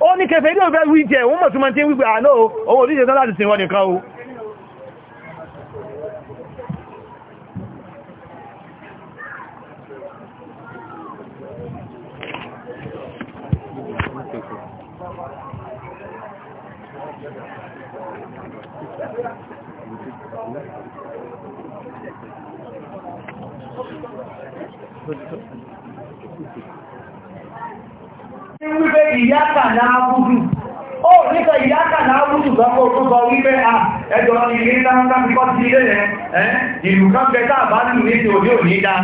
ó ní kẹfẹ́ ní òfẹ́ wí jẹ́ wọ́n mọ̀ tí ma ti ń wípé àánà ohun òdíje tán láti sin nìkan o Thank you. wípé ìyáka náà búdù ó nípa ìyáka náà búdù gbọ́gbọ́ tó sọ wípé à ẹjọ́ ilé dáńdáńkọ́ sí ilé rẹ̀ ìlú kan bẹ́ta bá nù ní ti òní òní dá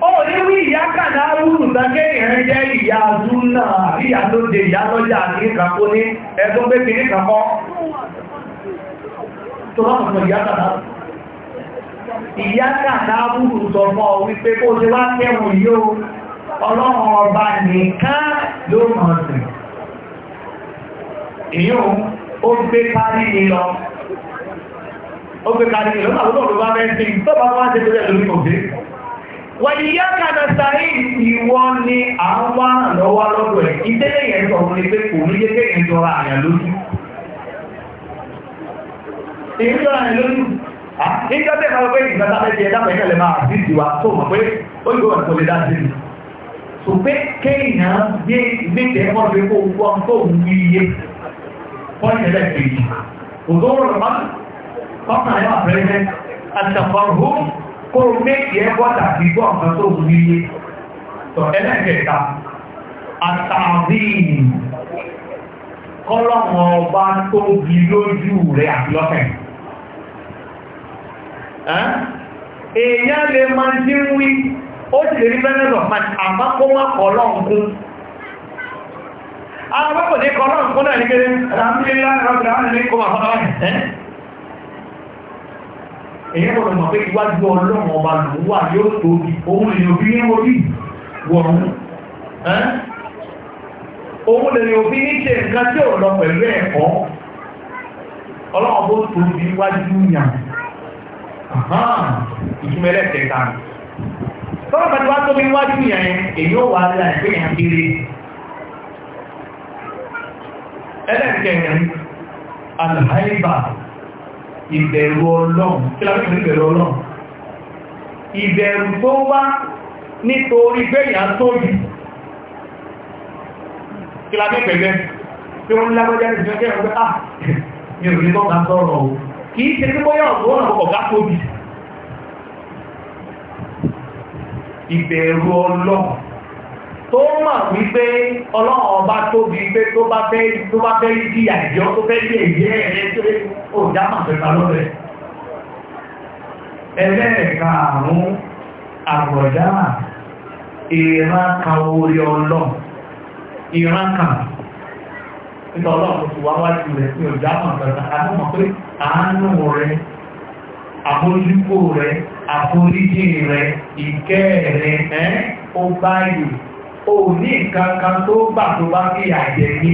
ó ní wí ìyáka náà búdù tàkẹ́ ìrìn jẹ́ ìyá zúnà ìyá tó dé ìyá lọ́jà ní kàkó ní ẹgbọ́n pé kìí kàkọ́ tó lọ́pọ̀ ìyáka náà ìyáka náà búdù sọ fún ọ wípé kó ṣe wá kẹ́wọ̀n yóò ọlọ́run ọba nìkan ló mọ̀ sí ìyóò ó gbé parí ni lọ ó gbé parí ni lọ́nà lọ́nà ló bá bẹ́ẹ̀ sí tó bá wá ṣe tẹ́lẹ̀ lórí òbí wàyíyá kàdà sáré ìwọ ni à ń wá lọ́wọ́ lọ́dọ̀ ẹ̀ ìdílé yẹn sọ fún mi pé kò ní jẹ́ kéèyàn jọra àyàn lójú èyí jọra àyàn lójú nígbà tẹ́ka wọ́n pé ìgbà tábẹ́jẹ dábẹ́ ìkẹlẹ̀ máa tó pé kéèyàn gbé ìgbésẹ̀ ẹ̀kọ́ pé kó gbọ́ tó ń wí iye pọ́ǹtì ẹlẹ́gbẹ̀ẹ́jì òdó rọ̀ bá kọ́nà ẹ̀ wà pẹ́rẹ́ àtàkọ̀rọ̀ kó o méjì ẹ̀kọ́ tàbí gbọ́ nǹkan tó ń wí iye tọ̀ ẹlẹ́gbẹ̀ẹ́ta àtàbíìnì lè máa ń dín wí ó sì lè rí bẹ́ẹ̀rẹ̀ of man àmọ́ kó má kọ́ lọ́n kún àwọn pẹ́pọ̀ ní kọ́ lọ́n kún náà ní pé alhamdulillah rọ́bìnrin àwọn ilé kó máa fọ́nà wáyé èyí kò mọ̀ pé iwájú ọlọ́run ọba lòun wà yóò tóbi òun lè òbí ní orí wọ̀run òun lè òbí ní ṣe nǹkan tí ò lọ pẹ̀lú bọ́lá bàtí wá tóbi wájú yẹn èyí ó wà lára ẹ̀pẹ́ yẹn kiri ẹlẹ́kẹ̀ẹ́rin alhaiba ìbẹ̀rù ọlọ́run kí lábẹ́ ìbẹ̀rù ọlọ́run ìbẹ̀rù tó wá nítorí ah, gbẹ̀yà tóbi kí lábẹ́ pẹ̀lẹ́ tí ó ń lágbọ́já ìjọ́ kí ẹ̀rọ pé ah mi ìbẹ̀rù ọlọ́run tó mọ̀ wípé ọlọ́run ọba tóbi pé tó bá fẹ́ tó bá fẹ́ di àjọ tó fẹ́ di èyí ẹ̀rẹ́ tó ò dámà pẹ̀lú lọ́rẹ̀ kan orí ọlọ́run ìran kan nítorí ọlọ́run tó wá wájú rẹ̀ pé ò dámà pẹ̀lú àánú rẹ̀ àbójúkò rẹ̀ àforíjì rẹ̀ ìkẹ́ rẹ̀ ẹ́ ó báyìí ó ní nǹkan kan tó gbà tó bá fi àjẹ́ ní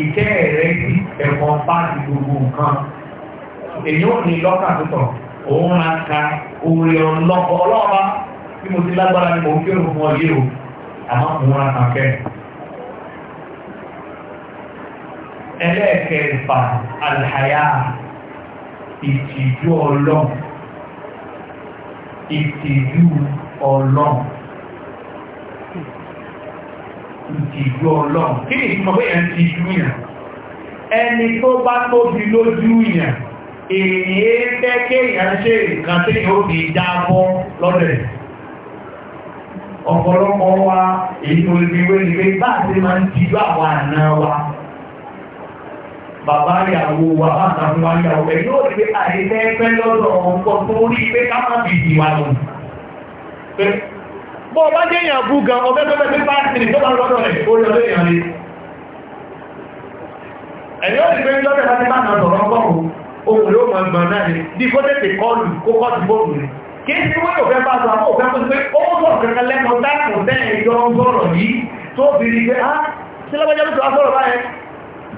ìkẹ́ rẹ̀ sí ẹ̀wọ̀n pàdé gbogbo nǹkan èyí ò ní lọ́kà tó tọ̀ òun ra ka orí ọlọ́kọ̀ ọlọ́ọ̀bá tí mo ti lágbára ni mo ń kérò fún ọyé o àmọ́ òun ra kàn kẹ́ ẹlẹ́ẹ̀kẹfà alhaya ìtìjú ọlọ́run ìtìjú ọlọ́run ìtìjú ọlọ́run kí ni ìtumọ̀ pé ẹ̀ ń tìjú yàn ẹni tó bá tóbi lójú yàn èyí fẹ́ kéèyàn ṣe nǹkan tí yóò fi jábọ́ lọ́dẹ̀ ọ̀pọ̀lọpọ̀ wa èyí tó lè fi wé ní pé bá àti máa ń tìjú àwọn àna wa bàbá ìyàwó wa àtàwọn ìyàwó rẹ̀ yóò rí pé àìsẹ́ pẹ́ lọ́dọ̀ ọ̀pọ̀ tó rí pé ká má bìbì wa lọ. bọ́ ọba jẹ́ èèyàn bú gan ọbẹ̀ tó bẹ́ẹ̀ bá ti nìjọba lọ́dọ̀ rẹ̀ ó yọ lóyìn rẹ̀. ẹ̀yìn ó sì pé lọ́dọ̀ láti bá náà sọ̀rọ̀ ọgọ́rùn ohun ló mọ̀ ẹgbọ̀n kí n wọ́n yóò fẹ́ bá sọ àbọ̀ òfẹ́ fún pé ó sọ̀rọ̀ kankan lẹ́nu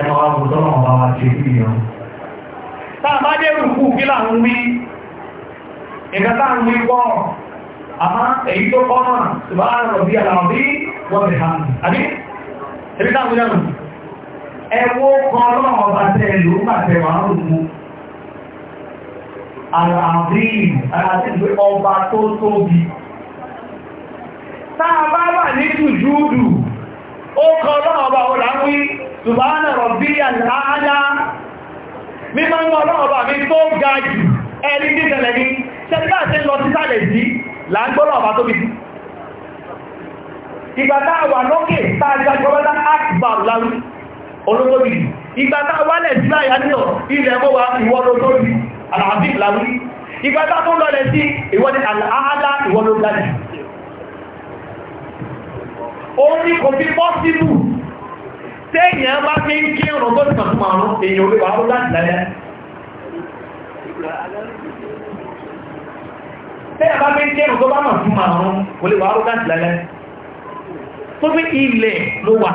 ẹmọ àwùjọ́nà ọba wa ṣe bí ìyàn táà bá dé rùkú kí là ń wí ìgbà táà ń wí pọ̀ àmá èyí tó kọ́ náà ṣùgbọ́n àrùn ọ̀bí àlàbí wọ́n ti hàn àbí ẹbí táà ń wí lẹ́nu ẹwọ́ kan náà ọba tẹ ló ń bàtẹ wà ń tó tóbi táà wà ní jùjúdù ó kọ́ náà ọba ń wí subhana rabbiyal a'la mímọ́ ní ọlọ́run bá mi tó ga jù ẹni tí tẹ̀lẹ̀ ní ṣẹlẹ̀ tí lọ sí sàlẹ̀ sí láńgbọ́lọ̀ ọba tóbi ìgbàtà wà lókè tààjà gọ́ọ̀lá akbar lárú olótóbi ìgbàtà wálẹ̀ sí láyá nílọ̀ ilẹ̀ ẹgbọ́ wa ìwọ́n olótóbi aláàbí lárú ìgbàtà tó lọ́lẹ̀ sí ìwọ́n ni àlàáhálà ìwọ́n olótóbi téèyàn bá fi ń kí ọ̀rọ̀ tó tàn fún àrùn èèyàn olè wà láti lálẹ́ téèyàn bá fi ń kí ọ̀rọ̀ tó bá mọ̀ fún àrùn olè wà láti lálẹ́ tó fi ilẹ̀ ló wà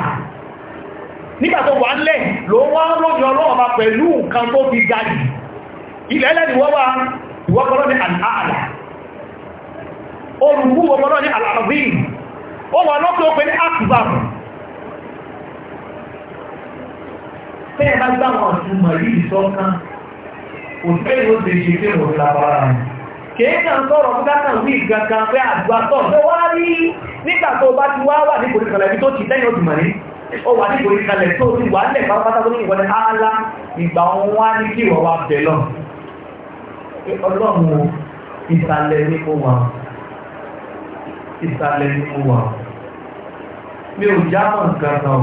nígbà tó wà lẹ̀ ló wá ròyìn ọlọ́ọ̀bá pẹ̀lú nǹkan tó fi ga jù ilẹ̀ ẹlẹ́ni wọ́n wá ìwọ́kọ́lọ́ ní àlàálà orùnkú ọmọlọ́ ní àlàáfíì ó wà lọ́pẹ́ ó pẹ́ ní àkùbàbù tẹ́ ẹ bá gbà wọn ju mọ̀lìlì sọ́kàn òṣèré ló ti ṣe pé mo ta bára mi kìí kàn sọ̀rọ̀ fún kákan wí gangan pé àdúrà tọ̀ tó wá rí nígbà tó bá ti wá wà ní kòrí kalẹ̀ ibi tó ti lẹ́yìn òdùmà ní ó wà ní kòrí kalẹ̀ tó ti wà lẹ̀ pátápátá tó ní ìwọ̀n ní ààlá ìgbà wá ní kí ìwọ̀n wá bẹ̀ lọ ọlọ́run ìsàlẹ̀ ní wà mi ò já mọ̀ nǹkan kan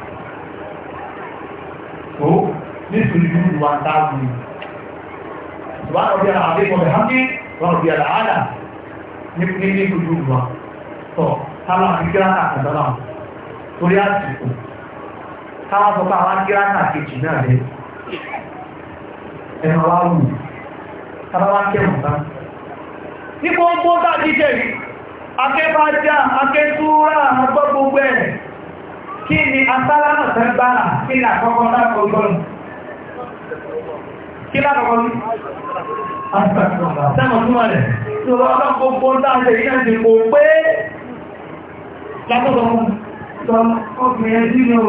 nítorí lúdù wa dáàbò ní ṣùgbọ́n ọ̀bí ara àbí ọ̀bí hàmí wọn ọ̀bí ara àdà ní nítorí lúdù wa tọ̀ táwọn àti gíráta àdọ́là torí àsìkò táwọn sọ pé àwọn gíráta kejì náà rẹ ẹ̀rọ wa wù táwọn wá kẹ́wọ̀n náà ní gbogbo dáàbí jẹ́rìí akẹ́bájá akẹ́túrà àgbọ́ gbogbo ẹ̀ kí ni asálámà tẹ́ bára kí ni àkọ́kọ́ kí lákọ̀ọ́kọ́ ní sẹ́mọ̀ túnmọ̀ rẹ̀ tí ó bá gbogbo dáadé iná ti kò pé látọ́sọ fún ọkùnrin ẹjí o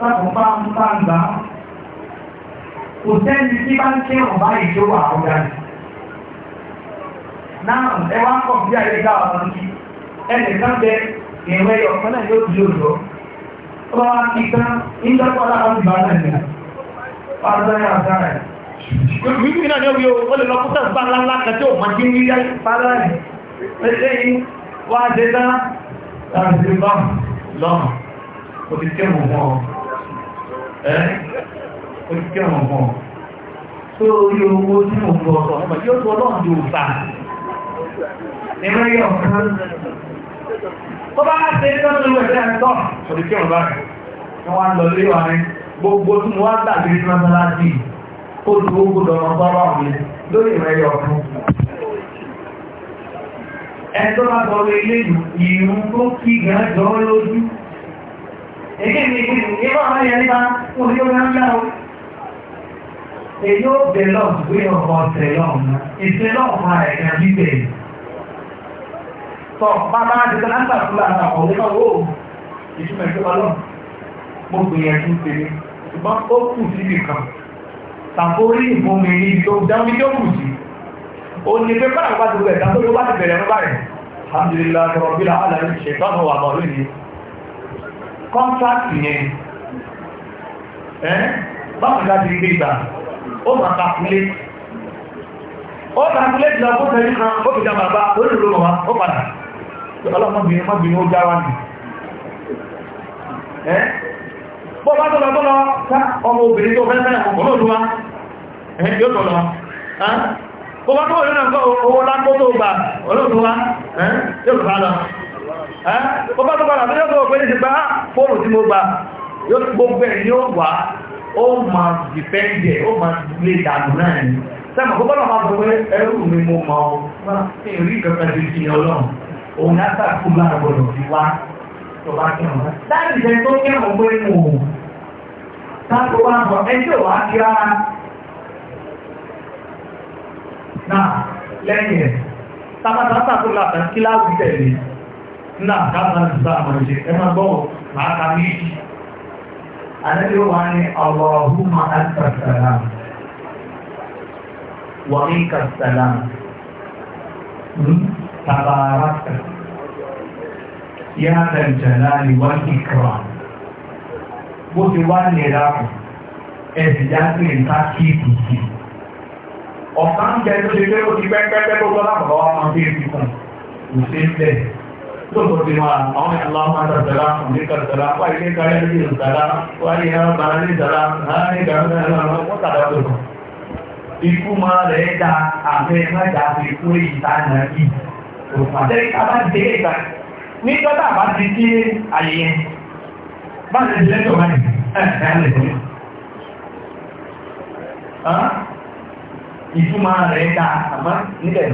lákùnbá ń bá ń gbá kò sẹ́ni tí bá ń kí ọ̀bá ìjọba ọ̀gá rẹ̀ náà ẹwà kọ̀ bí àyíká ọ̀rọ̀ ní ẹnìkan bẹ ìrìn ẹyọ kan náà yóò di òjò ọba wa kí tán ń dọ́kọ̀ Mímí ni ó rí o, lè lọ pútà bá ńláńlá kan tí máa jí ní ilé pàdà rẹ̀. Ẹgbẹ́ yìí wá dé dá láti lọ́nà. Ó ti kẹ́ mọ̀ mọ́ Ẹ́ ó ti kẹ́ mọ̀ mọ́ Tó orí owó tí mo gbọ́ ọ̀sọ̀ ọmọ yóò tó ọlọ́run gbogbo tí mo wá gbàgbé ní mọ́sálásí ó ti gbogbo dọ̀nà sọ́rọ̀ mi lórí ìrẹ́yọ̀ fún ẹ̀tọ́ bá sọ orí ilé ìrùn tó kí gan jọ lójú èyí ni ìwọ àwọn yẹn nípa fún orí orí ńlá o èyí ó bẹ̀ lọ gbé ọkọ̀ tẹ̀lọ̀ ọ̀nà ìtẹ̀lọ̀ ọ̀nà ẹ̀ka bíbẹ̀ sọ bàbá àti tẹ̀lá ń tàkùlà àtàkùn nípa owó ìtumẹ̀ tó bá lọ mo gbìyànjú tèmi ṣùgbọ́n ó kù síbi kan tàbórí ìbomi ní ìjọ dáwọn tó kù sí ó ní pé bára bá ti bẹ̀rẹ̀ tàbí ó bá ti bẹ̀rẹ̀ ọmọ báyìí alhamdulillah sọ̀rọ̀ bí la alàrí ṣètọ́nù wà mọ̀ lónìí kọ́ńtàkì yẹn ẹ́ báwọn láti rí gbígbà ó máa kàkúlé ó kàkúlé jùlọ fún tẹ̀lé kan bọ́ bá tọ́lọ tọ́lọ ọmọ obìnrin tó fẹ́fẹ́ ọmọ olúwa yóò tọ́lọ bọ́ bá tọ́lọ náà owó lápò tó gbà olóòtúwa yóò tọ́lọ bọ́ bá tọ́lọ tó yóò pẹ́ nígbà fóònù tí mo gbà yóò gbogbo ẹ̀ yóò wà ó máa dìpẹ́ndẹ̀ ó máa lè dànù náà ni sẹ́mọ̀ kó bọ́lọ̀ máa sọ pé ẹrù mi mo mọ̀ ọ́ tó bá kírun láti jẹ tó kírun pé mo ò sáàtò wá bọ̀ ẹjọ́ wá kí rárá náà lẹ́yìn ẹ̀ tábátátà tó làtà kí láwùí tẹ̀lé náà dáadáa ti bá àmọ̀ ìṣe ẹ máa gbọ́ máa ka méjì àlejò wá ní Allahumma anta yá àdàjàlá àríwá ìkra bó ti wá nira kù ẹ̀sìn já sí ìta kí ìtùsí ọ̀sán ń jẹ tó ṣe pé ó ti pẹ́pẹ́pẹ́ tó tọ́lá bàbá wa máa ń fi èsì kùn kò ṣe ń bẹ̀ tó tó ti máa àwọn ìlànà máa dàdàrà òníkà dàdàrà wá ilé káyọ̀ ní ìdàdàrà wá ilé ẹran bàrà ní ìdàdàrà náà ní ìdàdàrà náà wọ́n tàdà tó kàn ikú máa rẹ̀ dá àfẹ́ mẹ́ta fi kúrè ìta náà yìí òpàdé ìta bá dé ìta ní gbọ́dá bá ti sí ayẹyẹ bá ti sí lẹ́tọ̀ wáyé ẹ̀ẹ́lẹ̀ ìtumọ̀ rẹ̀ dá àmọ́ nílẹ̀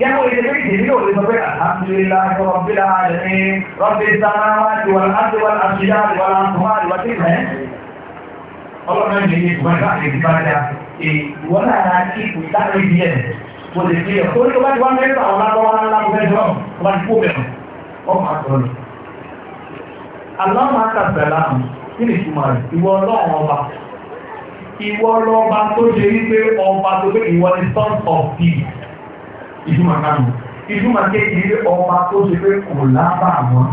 yàtọ̀ ìdẹ́gbẹ́ ìdẹ́gbẹ́ yóò lè sọ pé àhàmdùlélà ìfọwọ́bílà rẹ̀ rọ́bì sáráwá ìwà àtiwà àtìyá ìwà àtùmá ìwà tí ìfẹ́ ọlọ́run ẹ̀mí ní ìwà ìgbà ìdíbà dá ìwọ náà kí ìtàrí ìdíyẹ̀ kò lè fi ẹ̀ torí tó bá ti wá mẹ́ta ọ̀la lọ́wọ́ ńlá mo fẹ́ jọ́ ọ ọmọ àtọ́lù aláwọ̀ akàgbẹ̀lá kí ni ìtumọ̀ rẹ̀ ìwọ ọlọ́run ọba ìwọ ọlọ́ba tó ṣe wípé ọba tó pé ìwọ ni son of the, ìtumọ̀ kanu ìtumọ̀ kéèkì ní ọba tó ṣe pé kò lábà wọn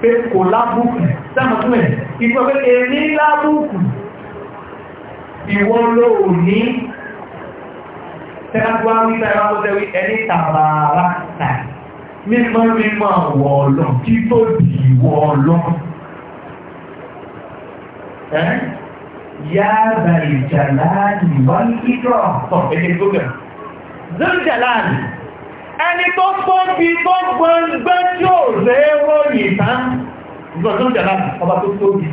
pé kò lábùkù sẹ́mọ̀túnmẹ̀ ìtumọ̀ pé èmi lábùkù ìwọ lóò ní tẹ́lágbá wípé mímọ́ mímọ́ àwọ̀ ọ̀lọ́ kí tó di ìwọ̀ ọ̀lọ́ yáàbà ìjàláàdì wá ní ìjọ́ ọ̀pọ̀ ẹni tó gẹ̀. zújàláàdì ẹni tó tóbi tó gbọ́ngbẹ́ tí ó rẹ̀ ròyìn tán zújàláàdì ọba tó tóbi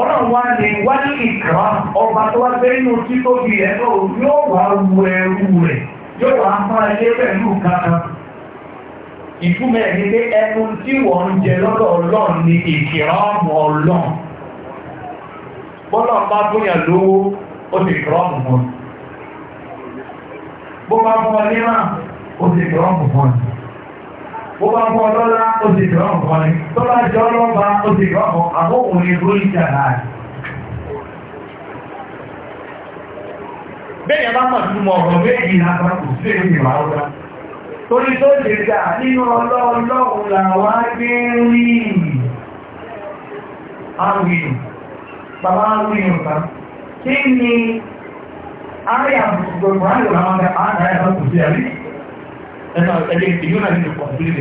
ọlọ́run wá ní wá ní ìkà ọba ìtumọ̀ ẹ̀ ní pé ẹnu tí wọ́n ń jẹ lọ́dọ̀ ọlọ́run ni ìkìrọ́ọ̀mù ọlọ́run bọ́lọ̀ bá bóyá lówó ó ti kìrọ́ọ̀mù wọn bó bá fún ọ níra ó ti kìrọ́ọ̀mù wọn bó bá fún ọ lọ́la ó ti kìrọ́ọ̀mù wọn tó bá jẹ́ ọlọ́ba ó ti kìrọ́ọ̀mù àbó òun ni ló ń jà bẹ́ẹ̀ ni a bá mọ̀ sí mọ̀ ọ̀rọ̀ méjì ní torí tó dẹ̀dà nínú ọlọ́ọ̀lọ́run làwá gbé rí àwìrù bàbá àwìrù bá kí ni àríyà gbogbo àríyà àwọn ọmọdé àárẹ̀ ẹ̀rọ kò sí àrí ẹ̀nà ẹ̀lẹ́ ìyún náà nínú kọ̀ọ̀tún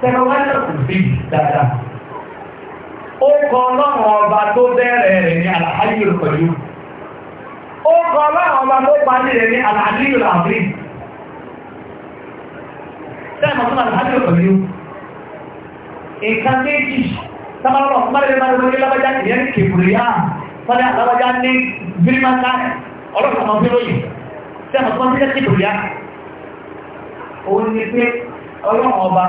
Tẹ́lọ wá náà kò sí dáadáa. Ó kọ ọlọ́run ọba tó bẹ̀rẹ̀ rẹ̀ ní àlàáyé ìrọ̀kọ̀jú. Ó kọ ọlọ́run ọba tó parí rẹ̀ ní àlàáyé ìrọ̀kọ̀jú táìmọ̀ tó máa lábẹ́ pẹ̀lú nǹkan méjì sábàlọ́rọ̀ mọ́lẹ̀lẹ́ máa lórí lábájá ìyẹn kèbùrì yá wọ́n dá lábájá ní bírímátá ọlọ́pàá máa fi lóyìn táìmọ̀ tó máa fi lẹ́kẹ̀ẹ́ kèbùrì yá ni pé ọlọ́run ọba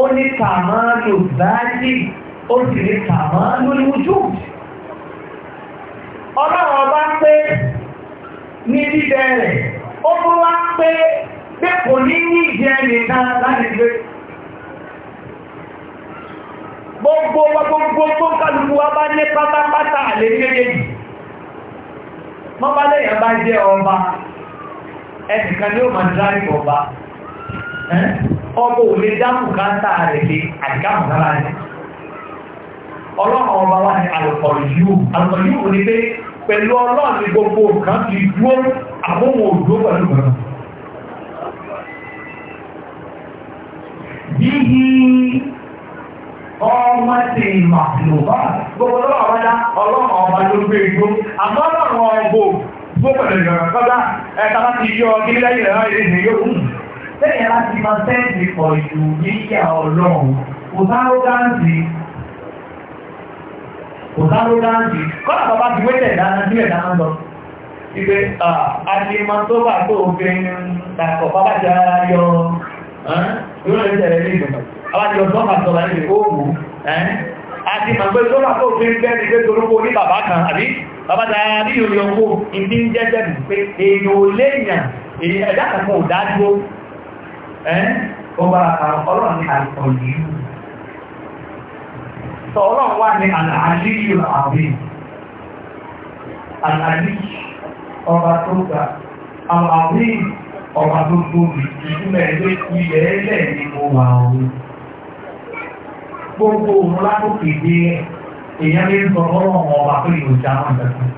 ó ní kàmáàlù báyìí ó sì ní kàmáàlù lójú ọlọ́run ọba pé ní bíbẹ̀ rẹ̀ ó mú wá pé pé kò ní ní ìjẹ nìkan láti gbogbo gbogbo tó kálùkù wá bá ní pátápátá àlè méjèèjì wọ́n bá bá jẹ́ ọba ẹnìkan ni ó dárí ọba ọba ò lè káńtà rẹ̀ lé àdìgáhùn lára rẹ̀ ọlọ́run ọba wá ní àlùkọ̀ yìí pẹ̀lú ọlọ́run gbogbo kan ti pẹ̀lú bíbí ọmọ ti màlúwà gbogbo lọ́wọ́ ọba dá ọlọ́run ọba ló gbé igbó àmọ́ ọlọ́run ọgbò gbogbo ìrọ̀rọ̀ kọ́dá ẹ̀ka láti yọ kíní lẹ́yìn rẹ̀ láì lè yóò wù. lẹ́yìn ẹ̀rá ti máa tẹ́ǹtì pọ̀ jù yíyá ọlọ́run kò sárógáǹtì kò sárógáǹtì kọ́dà bàbá ti wéjẹ̀ dáná sílẹ̀ dáná lọ. ibẹ̀ àti ìmọ̀ tó bá tó òfin takọ̀ bàbá ti ara yọ ìwọ́n lè tẹ̀lé ní ìgbìmọ̀ àwọn àti ọ̀sán àti ọ̀la ní ìkóòmù àti màgbé tó bá tó fi ń bẹ́ ní pé torókó ní bàbá kan àbí bàbá dáa ní ìròyìn ọkó ìdí ń jẹ́jẹ́ pé èèyàn ò léèyàn ẹ̀dá kankan ò dájú ọba ọlọ́run ní àìsàn yìí sọ ọlọ́run wà ní àlàáyíyù àbí tó ga àwọn àbí ọba tó tóbi ìtumẹ̀ lé ilẹ̀ ẹlẹ̀ ni mo wà òun gbogbo òun látòkè dé èèyàn lè sọ ọlọ́run ọba pé yóò já wọn jẹ́kọ̀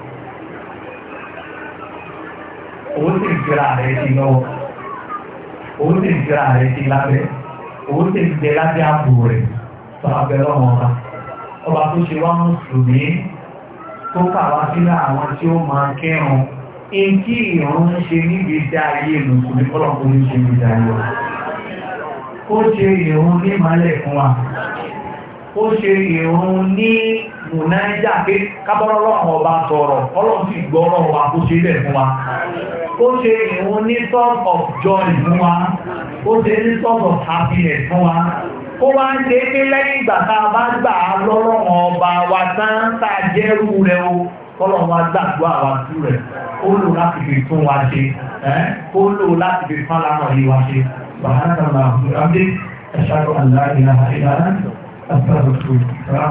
òun sì ń jẹ́ra rẹ̀ sí lọ́wọ́ òun sì ń jẹ́ra rẹ̀ sí lábẹ́ òun sì ń jẹ́ lábẹ́ ààbò rẹ̀ sọ̀rọ̀ abẹ́rẹ́ ọba ọba tó ṣe wá mùsùlùmí tó kà wá sílẹ̀ àwọn tí ó máa kẹ́rùn-ún ìkí ìrún ń ṣe níbi dá ayé lùkùnrin kọ́lọ̀kùnrin ṣe níbi dá ayé ó ṣe ìrún ní malẹ̀ fún wa ó ṣe ìrún ní mùnáíjà pé kábọ́rọ́lọ́ àwọn ọba sọ̀rọ̀ ọlọ́run sì gbọ́rọ̀ wa kó ṣe bẹ̀ fún wa ó ṣe ìrún ní source of joy fún wa ó ṣe ní source of happiness fún wa ó wá ń ṣe pé lẹ́yìn ìgbà tá a bá gbà á lọ́rọ̀ ọba wa tán tá a jẹ́rú rẹ̀ o kọ́lọ̀ wa gbàgbọ́ àwọn àti rẹ̀ ó lò láti fi tún wa ṣe ó lò láti fi fún alámọ̀ yìí wa ṣe bàbá náà máa ń gbé ẹ̀ṣọ́ àlàyé àìyára àti àbùkù